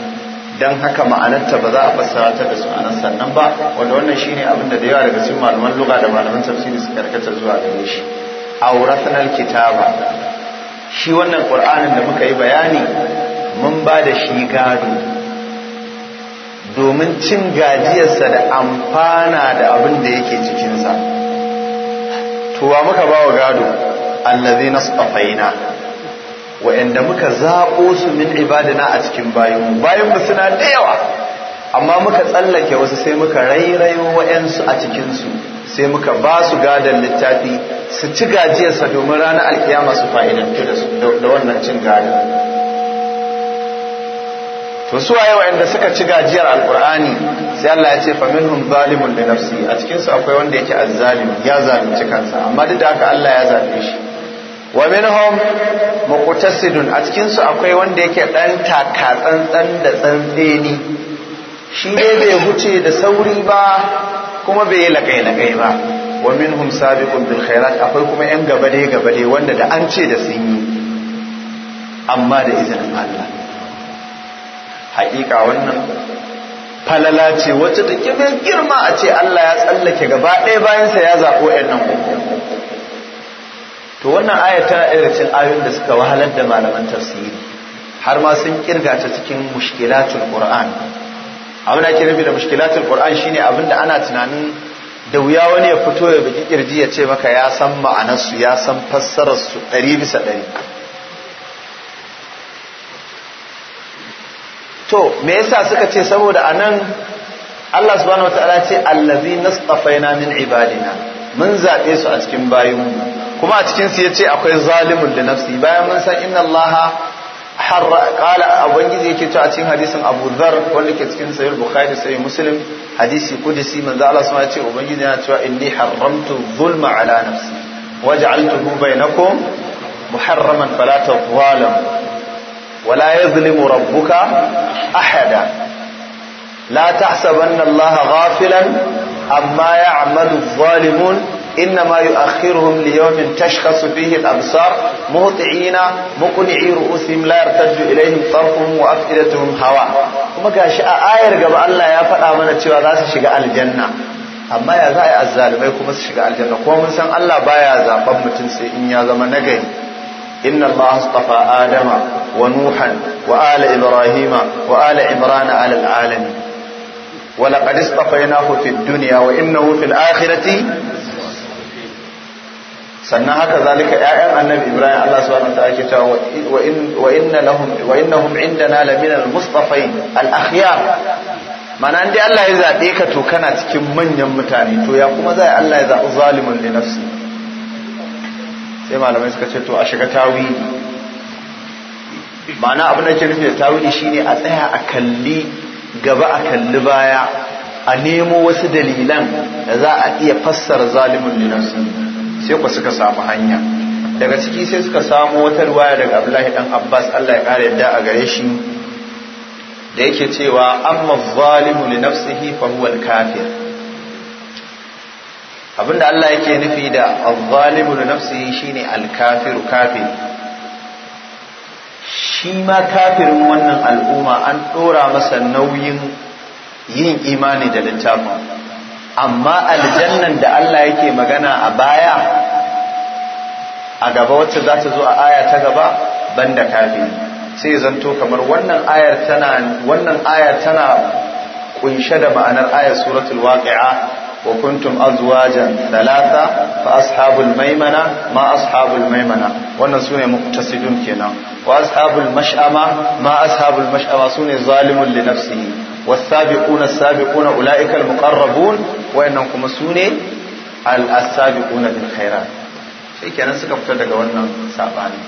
don haka ma'anarta ba za a fassara ta da nan sannan ba wanda wannan shine abin da da yawa daga cikin malaman lugha da malaman tafsiri su karkata zuwa gare shi aurathanal kitaba shi wannan qur'anin da muka yi bayani mun ba da shi gado domin cin gajiyarsa da amfana da abin da yake cikinsa to wa muka ba wa gado allazi nastafaina wa'anda muka zaɓo su min ibadina a cikin bayanmu bayanmu suna da yawa amma muka tsallake wasu sai muka rairayo wa'ansu a cikinsu sai muka ba su gadon littafi su ci gajiyarsa domin ranar alkiyama su fa'idantu da wannan cin gadon to su waye wanda suka ci gajiyar alkur'ani. sai Allah ya ce fa minhum zalimun li nafsi a cikin su akwai wanda yake azzalim ya zalunci kansa amma duk da haka Allah ya zabe shi wa minhum muqtasidun a cikin su akwai wanda yake dan taka tsantsan da tsantseni shi ne bai huce da sauri ba kuma bai lakai lakai ba wa minhum sabiqun bil khairat akwai kuma yan gaba gaba gabade wanda da an ce da sun yi amma da izinin Allah haƙiƙa wannan falala ce wacce ta kifin girma a ce Allah ya tsallake gaba ɗaya bayansa ya zaɓo ‘yan nan to wannan aya tana ɗaya ayoyin da suka wahalar da malaman tafsiri har ma sun kirga ta cikin mushkilatul qur'an abin da ake nufi da mushkilatul qur'an shine abin da ana tunanin da wuya wani ya fito ya bugi kirji ya ce maka ya san ma'anarsu ya san fassararsu ɗari bisa ɗari to me yasa suka ce saboda anan Allah subhanahu wataala ce allazi nasqafaina min ibadina mun zabe su a cikin mu kuma a cikin su yace akwai zalimun li nafsi bayan mun san inna allaha harra qala abangiji yake cewa a cikin hadisin Abu Dharr wanda ke cikin sahih Bukhari sai Muslim hadisi kudisi manzo Allah subhanahu wataala ce ubangiji yana cewa inni haramtu zulma ala nafsi waj'altuhu bainakum muharraman fala tadhalamu wala yazlimu rabbuka ahada la tahsabanna allaha ghafilan amma ya'malu adh-dhalimun إنما يؤخرهم ليوم تشخص فيه الأبصار مهطعين مقنعي رؤوسهم لا يرتد إليهم طرفهم وأفئدتهم هواء kuma gashi a ayar gaba Allah ya faɗa mana cewa za su shiga aljanna amma ya za a yi azzalumai kuma su shiga aljanna kuma mun san Allah baya zaben mutum sai in ya zama nagari إن الله اصطفى آدم ونوحا وآل إبراهيم وآل عمران على العالمين ولقد اصطفيناه في الدنيا وإنه في الآخرة sannan haka zalika ƴaƴan annabi ibrahim Allah subhanahu wa ta'ala ke wa inna lahum wa innahum indana al mustafain mana indai Allah ya zabe ka to kana cikin manyan mutane to ya kuma za Allah ya zabi zalimin sai malamai suka ce to a shiga tawili mana abin da ke nufi da tawili shine a tsaya a kalli gaba a kalli baya a nemo wasu dalilan da za a iya fassara zalimin linansu sai ku suka samu hanya daga ciki sai suka samu wata ruwaya daga abdullahi dan abbas allah ya kare yadda a gare shi da yake cewa amma zalimu li nafsihi fa huwa al-kafir abinda Allah yake nufi da al-zalimu li nafsihi shine al-kafiru kafir shi ma kafirin wannan al'umma an dora masa nauyin yin imani da littafin amma aljannan da Allah yake magana a baya a gaba wacce za ta zo a aya ta gaba banda kafin? sai zanto kamar wannan ayar tana wannan ayar tana kunshe da ma'anar ayar suratul waqi'a وكنتم أزواجا ثلاثة فأصحاب الميمنة ما أصحاب الميمنة wannan sune muqtasidun kenan wa ashabul mash'ama ma ashabul mash'ama sune zalimun li nafsihi was-sabiquna as-sabiquna ulaika al-muqarrabun kuma sune al suka fita daga wannan sabani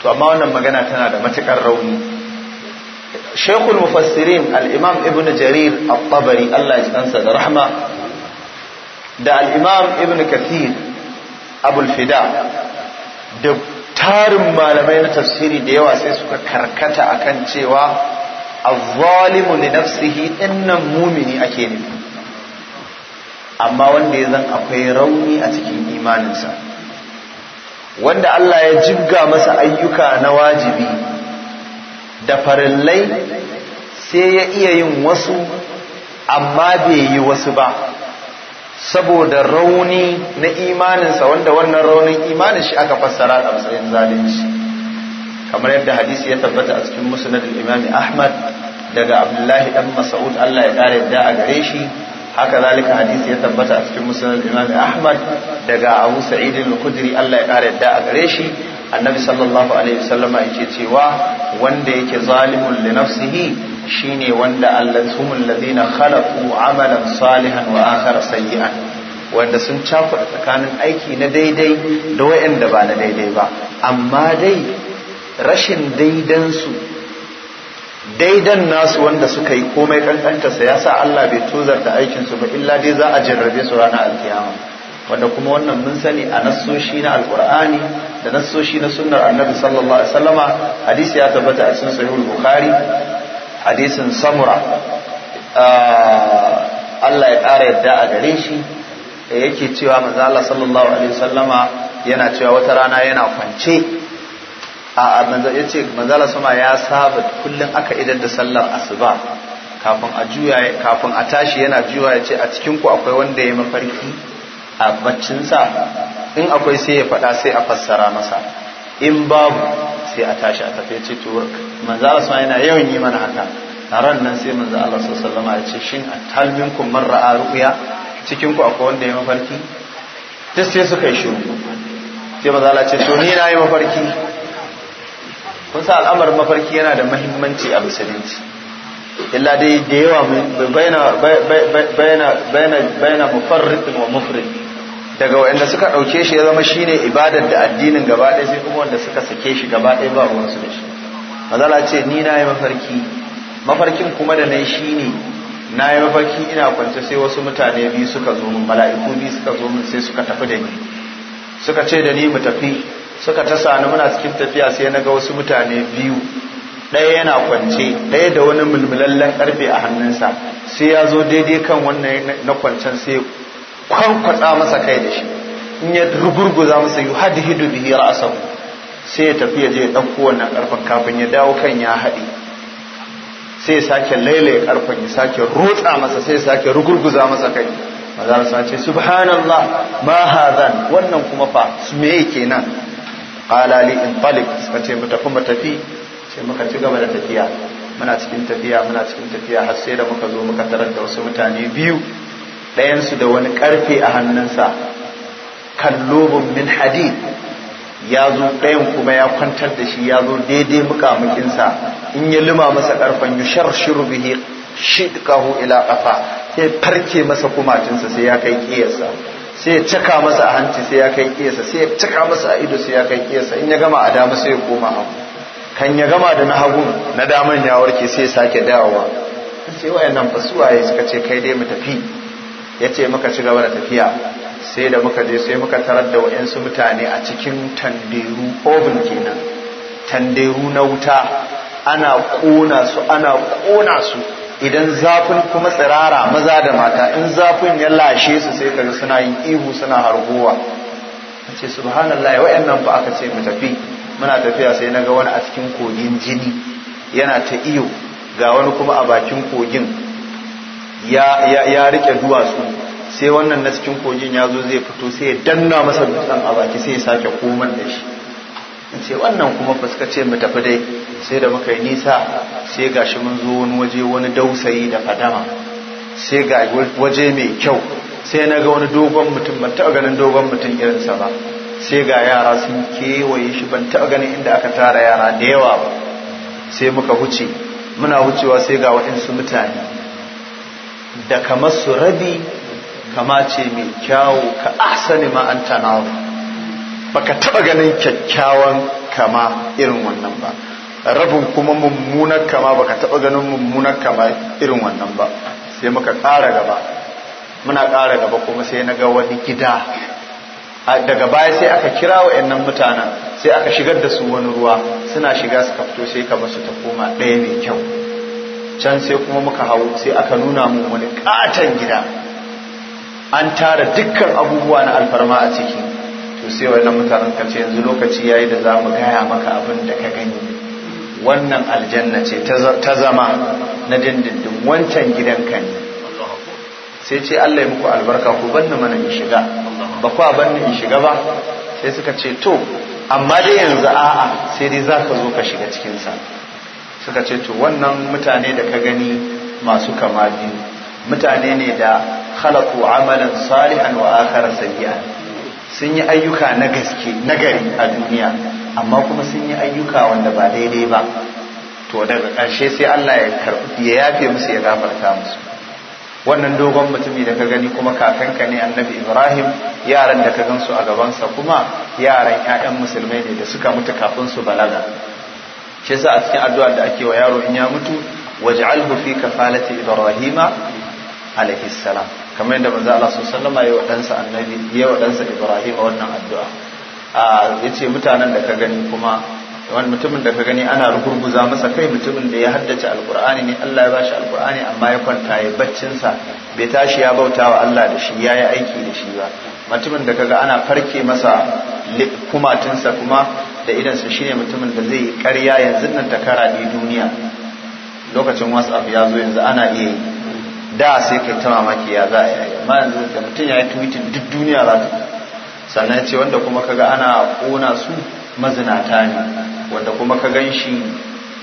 to amma wannan magana tana da matukar rauni شيخ Jarir الإمام ابن Allah ji الله da rahama. da al'imam ibn kathir abulfida da tarin malamai na tafsiri da yawa sai suka karkata akan cewa azzalimu li nafsihi ɗinnan mumini ake nufi amma wanda ya zan akwai rauni a cikin imaninsa wanda Allah ya jibga masa ayyuka na wajibi da farillai sai ya iya yin wasu amma bai yi wasu ba saboda rauni na imaninsa wanda wannan raunin imanin shi aka fassara a matsayin zalunci kamar yadda hadisi ya tabbata a cikin musnad imami ahmad daga abdullahi dan mas'ud Allah ya kare yadda a gare shi haka zalika hadisi ya tabbata a cikin musnad imami ahmad daga abu sa'id al-khudri Allah ya kare yadda a gare shi annabi sallallahu alaihi wasallama yake cewa wanda yake zalimun li nafsihi shine wanda allatumul ladina khalaqu amalan salihan wa akhar sayyi'an wanda sun cakuɗa tsakanin aiki na daidai da wayanda ba na daidai ba amma dai rashin daidansu daidan nasu wanda suka yi komai kankantarsa ya sa Allah bai tozarta aikinsu ba illa dai za a jarrabe su ranar alkiyama wanda kuma wannan mun sani a nassoshi na Alƙur'ani da nassoshi na sunnar annabi sallallahu alaihi wasallama hadisi ya tabbata a cikin sahihul bukhari hadisin samura ah, Allah ya ƙara yadda a gare shi Da yake cewa Manzala sallallahu alaihi wasallama yana cewa wata rana yana kwance a ah, ah, manzo yace manzo Allah sama ya saba kullum aka idan da sallar asuba kafin a kafin a tashi yana juya yace a cikin ku akwai wanda ya mafarki a baccin in akwai sai ya faɗa sai a fassara masa in babu sai a tashi a tafi ce to manzo Allah sai yana yawan yi mana haka a ran nan sai manzo Allah sallallahu alaihi ya ce shin atal minkum man ra'a ru'ya cikin ku akwai wanda ya mafarki duk sai suka yi shiru sai manzo Allah ce to ni na yi mafarki kun sa al'amarin mafarki yana da muhimmanci a musulunci illa dai da yawa bayana bayana bayana bayana mufarrid wa mufrid daga wanda suka ɗauke shi ya zama shi ne ibadar da addinin gaba ɗaya sai kuma wanda suka sake shi gaba ɗaya ba su da shi mazala ce ni na yi mafarki mafarkin kuma da nan shi ne na yi mafarki ina kwance sai wasu mutane biyu suka zo min mala'iku biyu suka zo min sai suka tafi da ni suka ce da ni mu tafi suka ta sani muna cikin tafiya sai na ga wasu mutane biyu ɗaya yana kwance ɗaya da wani mulmulallen ƙarfe a hannunsa sai ya zo daidai kan wannan na kwancen sai kwankwatsa masa kai da shi in ya rugurguza masa yi hadi hidu bihi ra'asahu sai ya tafi ya je ya ɗauko wannan ƙarfin kafin ya dawo kan ya haɗi sai ya sake lailaye ƙarfin ya sake rotsa masa sai ya sake rugurguza masa kai maza sa ce subhanallah ma hazan wannan kuma fa su me yake qala li in talik suka ce mu tafi mu tafi sai muka ci gaba da tafiya muna cikin tafiya muna cikin tafiya har sai da muka zo muka tarar da wasu mutane biyu ɗayansu da wani ƙarfe a hannunsa kallobin min hadid ya zo ɗayan kuma ya kwantar da shi ya zo daidai mukamukinsa in ya lima masa ƙarfen yushar shiru bihi shidkahu ila ƙafa sai farke masa kumatinsa sai ya kai ƙiyarsa sai ya caka masa a hanci sai ya kai ƙiyarsa sai ya caka masa a ido sai ya kai ƙiyarsa in ya gama a dama sai ya koma hagu kan ya gama da na hagun na daman ya warke sai ya sake dawowa sai wayannan fasuwaye suka ce kai dai mu tafi ya ce muka ci gaba da tafiya sai da muka je sai muka tarar da wa'yansu mutane a cikin tanderu oven kenan tanderu na wuta ana kona su ana kona su idan zafin kuma tsirara maza da mata in zafin ya lashe su sai kaga suna yin ihu suna hargowa ce subhanallah nan ba aka ce mu tafi muna tafiya sai na ga wani a cikin kogin jini yana ta iyo ga wani kuma a bakin kogin ya rike duwatsu sai wannan na cikin kogin ya zo zai fito sai ya danna masa dutsen a baki sai ya sake komar da shi in ce wannan kuma fuska ce mu tafi dai sai da muka yi nisa sai gashi mun zo wani waje wani dausayi da fadama sai ga waje mai kyau sai na ga wani dogon mutum ban taɓa ganin dogon mutum irinsa ba sai ga yara sun kewaye shi ban taɓa ganin inda aka tara yara da yawa ba sai muka huce muna hucewa sai ga waɗansu mutane da kamar su rabi kama ce mai kyawu ka ahsani ma an tanawu baka taba ganin kyakkyawan kama irin wannan ba rabin kuma mummunar kama baka taba ganin mummunar kama irin wannan ba sai muka ƙara gaba muna ƙara gaba kuma sai na ga wani gida daga baya sai aka kira yannan mutanen sai aka shigar da su wani ruwa suna shiga su fito sai ka basu ta koma ɗaya mai kyau can sai kuma muka hau sai aka nuna mu wani katon gida an tara dukkan abubuwa na alfarma a ciki to sai wannan mutanen ka yanzu lokaci yayi da zamu gaya maka abin da ka gani wannan aljanna ce ta zama na dindindin wancan gidan ka ne sai ce Allah ya muku albarka ku banni mana in shiga ba ku banna in shiga ba sai suka ce to amma dai yanzu a'a sai dai zaka zo ka shiga cikin sa suka ce to wannan mutane da ka gani masu kama biyu mutane ne da khalaqu amalan salihan wa akhar sayyi'an sun yi ayyuka na gaske nagari a duniya amma kuma sun yi ayyuka wanda ba daidai ba to daga ƙarshe sai Allah ya karbi ya yafe musu ya gafarta musu wannan dogon mutumi da ka gani kuma kakanka ne annabi Ibrahim yaran da ka gansu a gabansa kuma yaran ƴaƴan musulmai ne da suka mutu kafin su balaga shi yasa a cikin addu'a da ake wa yaro in ya mutu waj'alhu fi kafalati ibrahima alayhi salam kamar yadda manzo Allah sallallahu alaihi wasallam ya annabi ya wa dansa ibrahima wannan addu'a a yace mutanen da ka gani kuma wani mutumin da ka gani ana rugurguza masa kai mutumin da ya haddace alkur'ani ne Allah ya bashi alkur'ani amma ya kwanta ya sa bai tashi ya bauta wa Allah da shi ya yi aiki da shi ba mutumin da kaga ana farke masa kumatinsa kuma da idansa shine mutumin da zai karya yanzu nan ta karaɗe duniya lokacin whatsapp ya zo yanzu ana iya yi da sai kai ta mamaki ya za a yi amma yanzu da mutum ya yi tweetin duk duniya za ta sannan ce wanda kuma kaga ana kona su mazinata ne wanda kuma ka gan shi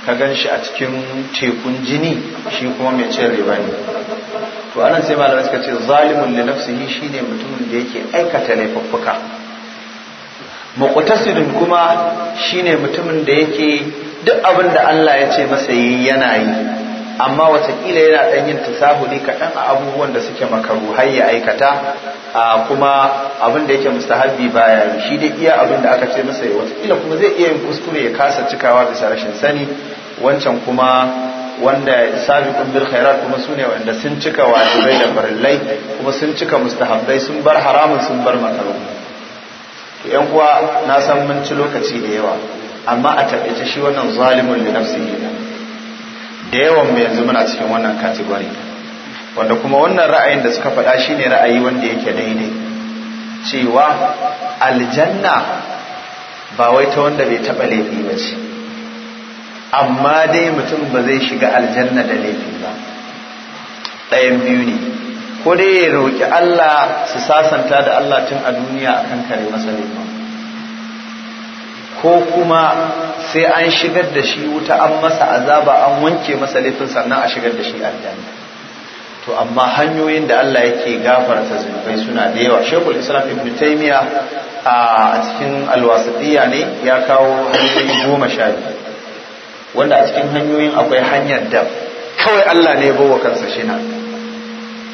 ka gan shi a cikin tekun jini shi kuma mai cin riba ne to anan sai malamai suka ce zalimun da nafsihi shine mutumin da yake aikata laifuffuka muqtasirin kuma shine mutumin da yake duk abin da Allah ya ce masa yi yana yi amma watakila yana ɗan yin tasahuli kaɗan a abubuwan da suke makaru har ya aikata a kuma abin da yake mustahabbi baya shi dai iya abin da aka ce masa yi watakila kuma zai iya yin kuskure ya kasa cikawa bisa rashin sani wancan kuma wanda sabiqun bil khairat kuma sune wanda sun cika wajibai da farillai kuma sun cika mustahabbai sun bar haramun sun bar makaru to yan uwa na san mun ci lokaci da yawa amma a taƙaice shi wannan da nafsi ne da yawan mu yanzu muna cikin wannan category wanda kuma wannan ra'ayin da suka faɗa shi ne ra'ayi wanda yake daidai cewa aljanna ba wai ta wanda bai taɓa laifi ba ce amma dai mutum ba zai shiga aljanna da laifi ba ɗayan biyu ne ko dai ya roƙi Allah su sasanta da Allah tun a duniya akan kare masa laifin ko kuma sai an shigar da shi wuta an masa azaba an wanke masa laifin sannan a shigar da shi aljanna to amma hanyoyin da Allah yake gafarta zunubai suna da yawa shekul islam ibn taymiya a cikin alwasadiyya ne ya kawo hanyoyin goma sha wanda a cikin hanyoyin akwai hanyar da kawai Allah ne ya bawa kansa shi na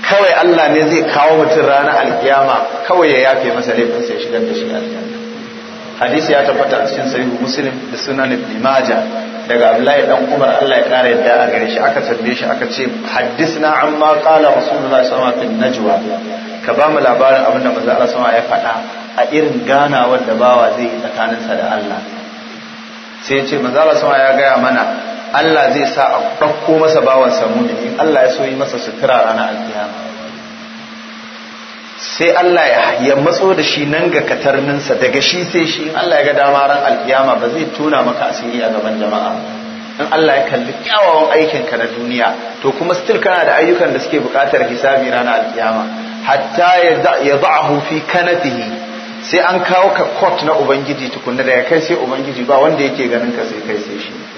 kawai Allah ne zai kawo mutum ranar alkiyama kawai ya yafe masa laifinsa ya shigar da shi alkiyama hadisi ya tabbata a cikin sahihu muslim da sunan ibn majah daga abdullahi dan umar Allah ya kara yadda a gare shi aka tambaye shi aka ce Hadisna amma qala rasulullahi sallallahu alaihi wasallam najwa ka ba mu labarin abin da manzo Allah sallallahu ya faɗa a irin ganawar da bawa zai yi tsakaninsa da Allah sai ya ce manzo Allah sallallahu ya gaya mana Allah zai sa a ɗauko masa bawan samu da in Allah ya so yi masa sutura ranar alkiyama sai Allah ya matso da shi nan ga katarninsa daga shi sai shi in Allah ya ga dama ran alkiyama ba zai tuna maka asiri a gaban jama'a in Allah ya kalli kyawawan aikin ka na duniya to kuma still kana da ayyukan da suke bukatar hisabi ranar alkiyama hatta ya da'ahu fi kanatihi sai an kawo ka kot na ubangiji tukunna ya kai sai ubangiji ba wanda yake ganin ka sai kai sai shi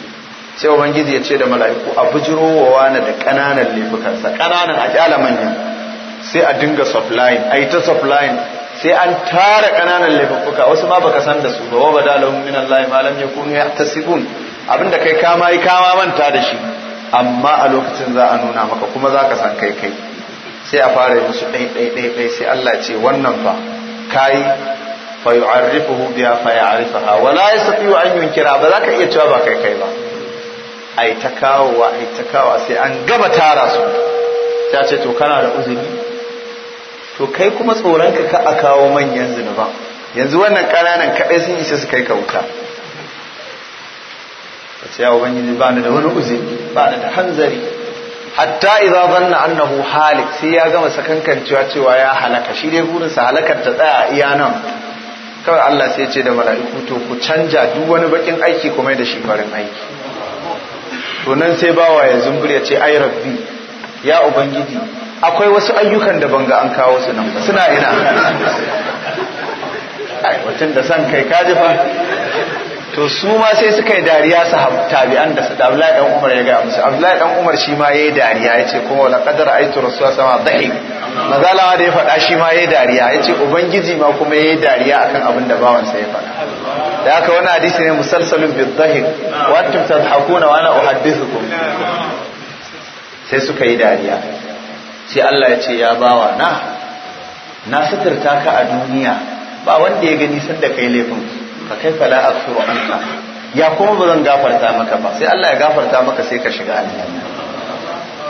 sai ubangiji ya ce da mala'iku a bujiro wa wani da ƙananan laifukansa ƙananan a ƙyala manya sai a dinga supplying a yi ta supplying sai an tara ƙananan laifuka wasu ma baka san da su ba wa layi malam ya ma ya ta sigun abinda kai kama yi kama manta da shi amma a lokacin za a nuna maka kuma za ka san kai kai sai a fara yi musu ɗai ɗai ɗai ɗai sai Allah ce wannan fa kai fa yu'arrifuhu biha fa ya'rifaha yastati'u an yunkira ba za ka iya cewa ba kai kai ba a yi ta kawowa a yi ta kawowa sai an gaba tara su ta ce to kana da uzuri to kai kuma tsoronka ka a kawo manyan zunuba yanzu wannan ƙananan kaɗai sun isa su kai ka wuta ta ce ya ba ni da wani uzuri ba ni da hanzari hatta idza zanna annahu halik sai ya gama sakankancewa cewa ya halaka shi dai burin sa halakar ta tsaya iya nan kawai Allah sai ya ce da mala'iku to ku canja duk wani bakin aiki kuma da shi farin aiki to nan sai bawa ya zumbur ya ce ai rabbi ya ubangiji akwai wasu ayyukan da banga an kawo su nan ba suna ina [laughs] ai mutum da san kai ka fa to su ma sai suka yi dariya su tabi'an da da Abdullahi dan Umar ya gaya musu Abdullahi dan Umar shi ma yayi dariya yace ko wala qadar aitu rasulullah sama dahi mazalawa da ya faɗa shi ma yayi dariya yace ubangiji ma kuma yayi dariya akan abin da bawan sa ya faɗa da haka wani hadisi ne musalsalun bi dhahik wa antum tadhakuna wa ana uhaddithukum sai suka yi dariya sai Allah ya ce ya bawa na na suturta ka a duniya ba wanda ya gani sanda kai laifin fa kaifa la aghfiru anka ya kuma ba zan gafarta maka ba sai Allah ya gafarta maka sai ka shiga aljanna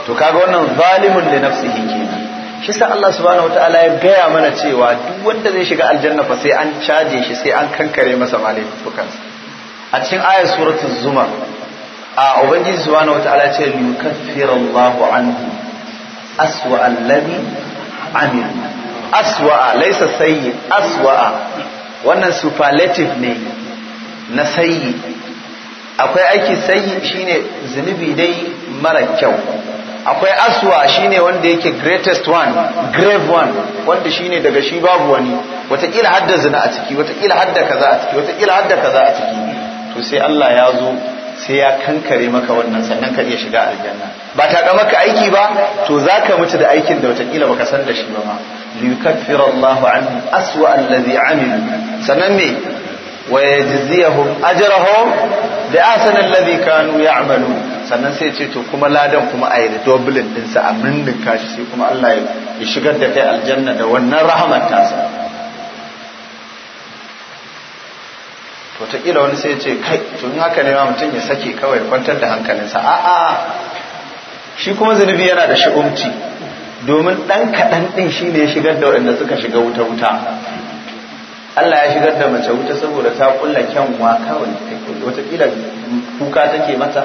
to kaga wannan zalimun li nafsihi kenan shi sai Allah subhanahu wataala ya gaya mana cewa duk wanda zai shiga aljanna fa sai an caje shi sai an kankare masa malaikansa a cikin ayar suratul zumar a ubangiji subhanahu wataala ce yukaffiru Allahu anhu aswa allazi amil aswa laysa sayyi aswa wannan superlative ne na sayi akwai aiki sayi shine zunubi dai mara kyau akwai aswa shine wanda yake greatest one grave one wanda shine daga shi babu wani watakila hadda zina a ciki watakila hadda kaza a ciki watakila hadda kaza a ciki to sai Allah ya zo sai ya kankare maka wannan sannan ka iya shiga aljanna ba ta ga maka aiki ba to zaka mutu da aikin da watakila baka san da shi ba ma liyukaffira Allahu an aswa alladhi amilu sanan me wa yajziyahum ajrahum bi ahsani kanu ya'malu sannan sai ce to kuma ladan kuma ayi da dublin din sa a mundinka kashi. sai kuma Allah ya shigar da kai aljanna da wannan rahamar tasa kila wani sai ce kai tun haka ne ma mutum ya sake kawai kwantar da hankalinsa a'a shi kuma zunubi yana da shi'umci domin ɗan kaɗan ɗin shi ne ya shigar da waɗanda suka shiga wuta wuta Allah ya shigar da mace wuta saboda ta kulla kyanwa kawai watakila kuka take mata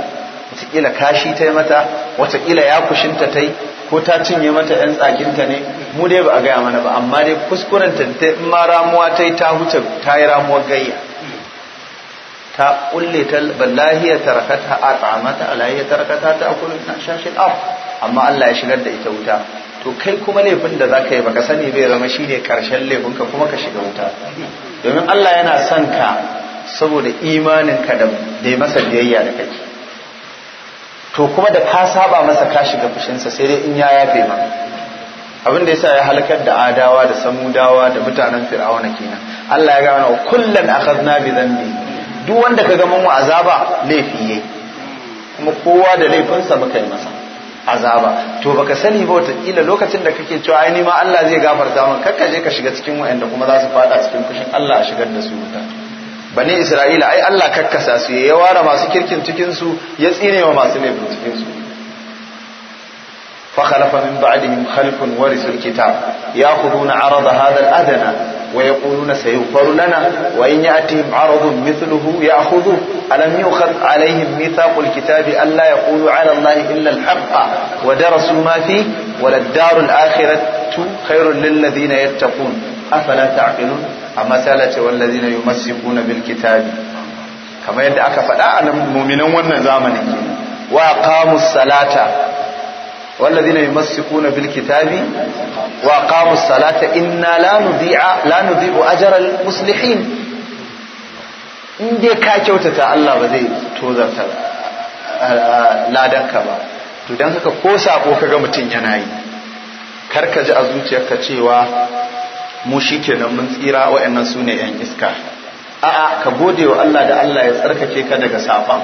watakila kashi ta mata watakila ya kushinta ta yi ko ta cinye mata ‘yan tsakinta ne mu dai ba a gaya mana ba amma dai kuskurenta ta ma ramuwa ta yi ta huce ta yi ramuwar gayya ta kulle ta ballahiyar tarakata a tsamata ya tarakata ta kullum na shashin amma Allah ya shigar da ita wuta to kai kuma laifin da za ka yi baka sani bai zama shi ne karshen laifin ka kuma ka shiga wuta domin Allah yana son ka saboda imanin ka da bai masa biyayya da kai to kuma da ka saba masa ka shiga fushinsa sai dai in ya yafe ma abin da yasa ya halakar da adawa da samudawa da mutanen fir'auna kenan Allah ya gano kullan akhadna bi dhanbi duk wanda ka ga mun azaba laifi yayi kuma kowa da laifinsa muka yi masa azaba to baka sani ba watakila lokacin da kake cewa ai ma Allah zai gafarta min kakka je ka shiga cikin wayanda kuma za su fada cikin kushin Allah a shigar da su wuta bani Isra'ila ai Allah kakkasa su ya ware masu kirkin cikin su ya tsine wa masu laifin cikin su فخلف من بعدهم خلف ورثوا الكتاب ياخذون عرض هذا الادنى ويقولون سيغفر لنا وان ياتهم عرض مثله ياخذوه الم يؤخذ عليهم ميثاق الكتاب الا يقولوا على الله الا الحق ودرسوا ما فيه وللدار الاخره خير للذين يتقون افلا تعقلون اما سالت والذين يمسكون بالكتاب كما يدعى كفدا muminan wannan zamanin wa aqamus salata والذين na بالكتاب وأقاموا الصلاة إنا لا نضيع لا نضيع أجر المصلحين in dai ka kyautata Allah ba zai tozarta ladanka ba to don haka ko sako kaga mutum yana yi kar ka ji a zuciyarka cewa mu shi kenan mun tsira waɗannan su ne 'yan iska a'a ka gode wa Allah da Allah ya tsarkake ka daga saban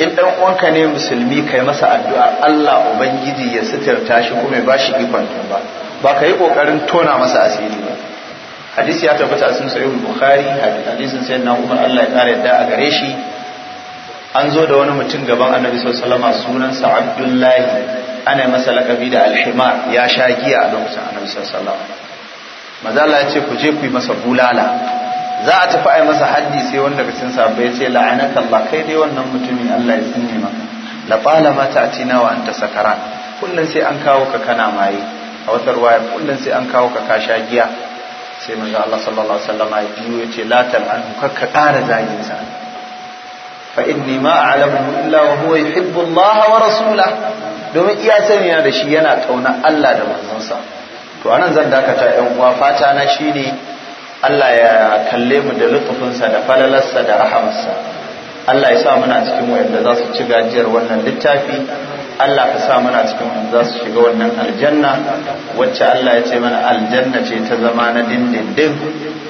in dan uwanka ne musulmi kai masa addu'a Allah ubangiji ya sitar shi kuma ya bashi ikon ba ba ka yi kokarin tona masa asiri ba hadisi ya tabbata a sunan sahih bukhari hadisin na Umar Allah ya kare yadda a gare shi an zo da wani mutum gaban annabi sallallahu alaihi sunansa abdullahi ana masa lakabi da alhimar ya sha giya a lokacin annabi sallallahu alaihi mazala ya ce ku je ku yi masa bulala za a tafi ai masa haddi sai wanda daga cikin sahabbai ya ce la'anaka Allah kai dai wannan mutumin Allah ya tsinne ma la fala ma ta'tina wa anta sakara kullun sai an kawo ka kana maye a wata ruwaya kullun sai an kawo ka ka sha giya sai manzo Allah sallallahu alaihi wasallam ya biyo ya ce la tal'anhu ka kara zagin sa fa inni ma a'lamu illa wa huwa yuhibbu Allah wa rasulahu domin iya sani da shi yana kauna Allah da manzon sa to anan zan dakata ƴan uwa fata na shine Allah ya kalle mu da lutufinsa da falalarsa da rahamarsa Allah ya sa muna cikin wanda za su ci gajiyar wannan littafi Allah ka sa muna cikin wanda za su shiga wannan aljanna wacce Allah ya ce mana aljanna ce ta zama na dindindin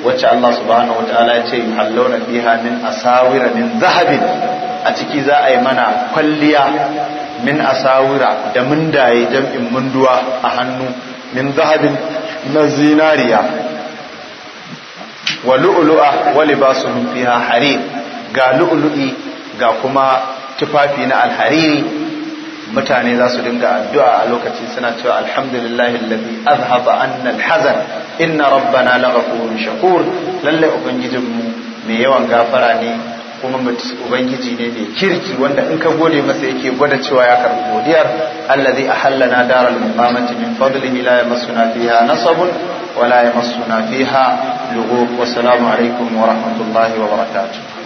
wacce Allah subhanahu ta'ala ya ce hallawna fiha min asawira min zahabin a ciki za a yi mana kwalliya min asawira da mundaye jam'in munduwa a hannu min zahabin na zinariya wa lu'lu'a wa libasuhum fiha harir ga lu'lu'i ga kuma tufafi na alhariri mutane za su dinga addu'a a lokacin suna cewa alhamdulillahi alladhi azhaba anna hazan inna rabbana laghafurun shakur lalle mu mai yawan gafara ne kuma ubangiji ne mai kirki wanda in ka gode masa yake gwada cewa ya karbi godiyar allazi na daral muqamati min fadlihi la yamassuna fiha nasabun wa la yamassuna fiha lughub wa salamu alaikum wa rahmatullahi wa barakatuh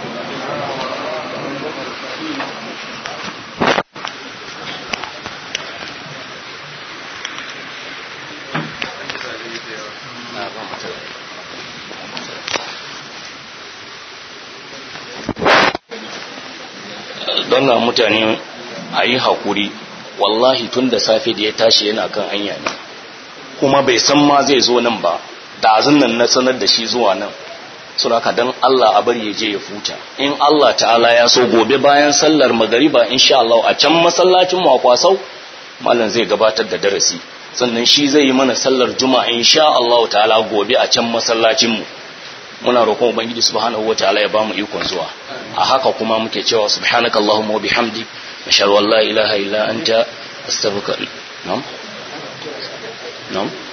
don ga mutane a yi haƙuri wallahi tun da safe da ya tashi yana kan hanya ne kuma bai san ma zai zo nan ba da zunnan na sanar da shi zuwa nan suraka don Allah a bari ya je ya futa in Allah ta'ala ya so gobe bayan sallar magariba insha Allah a can masallacin makwasau malam zai gabatar da darasi sannan shi zai yi mana sallar juma'a insha Allah ta'ala gobe a can masallacin mu muna roƙon ubangiji subhanahu wataala ya bamu ikon zuwa a haka kuma muke cewa subhanakallahumma wa bihamdi nashhadu an la ilaha illa anta astaghfiruka nam nam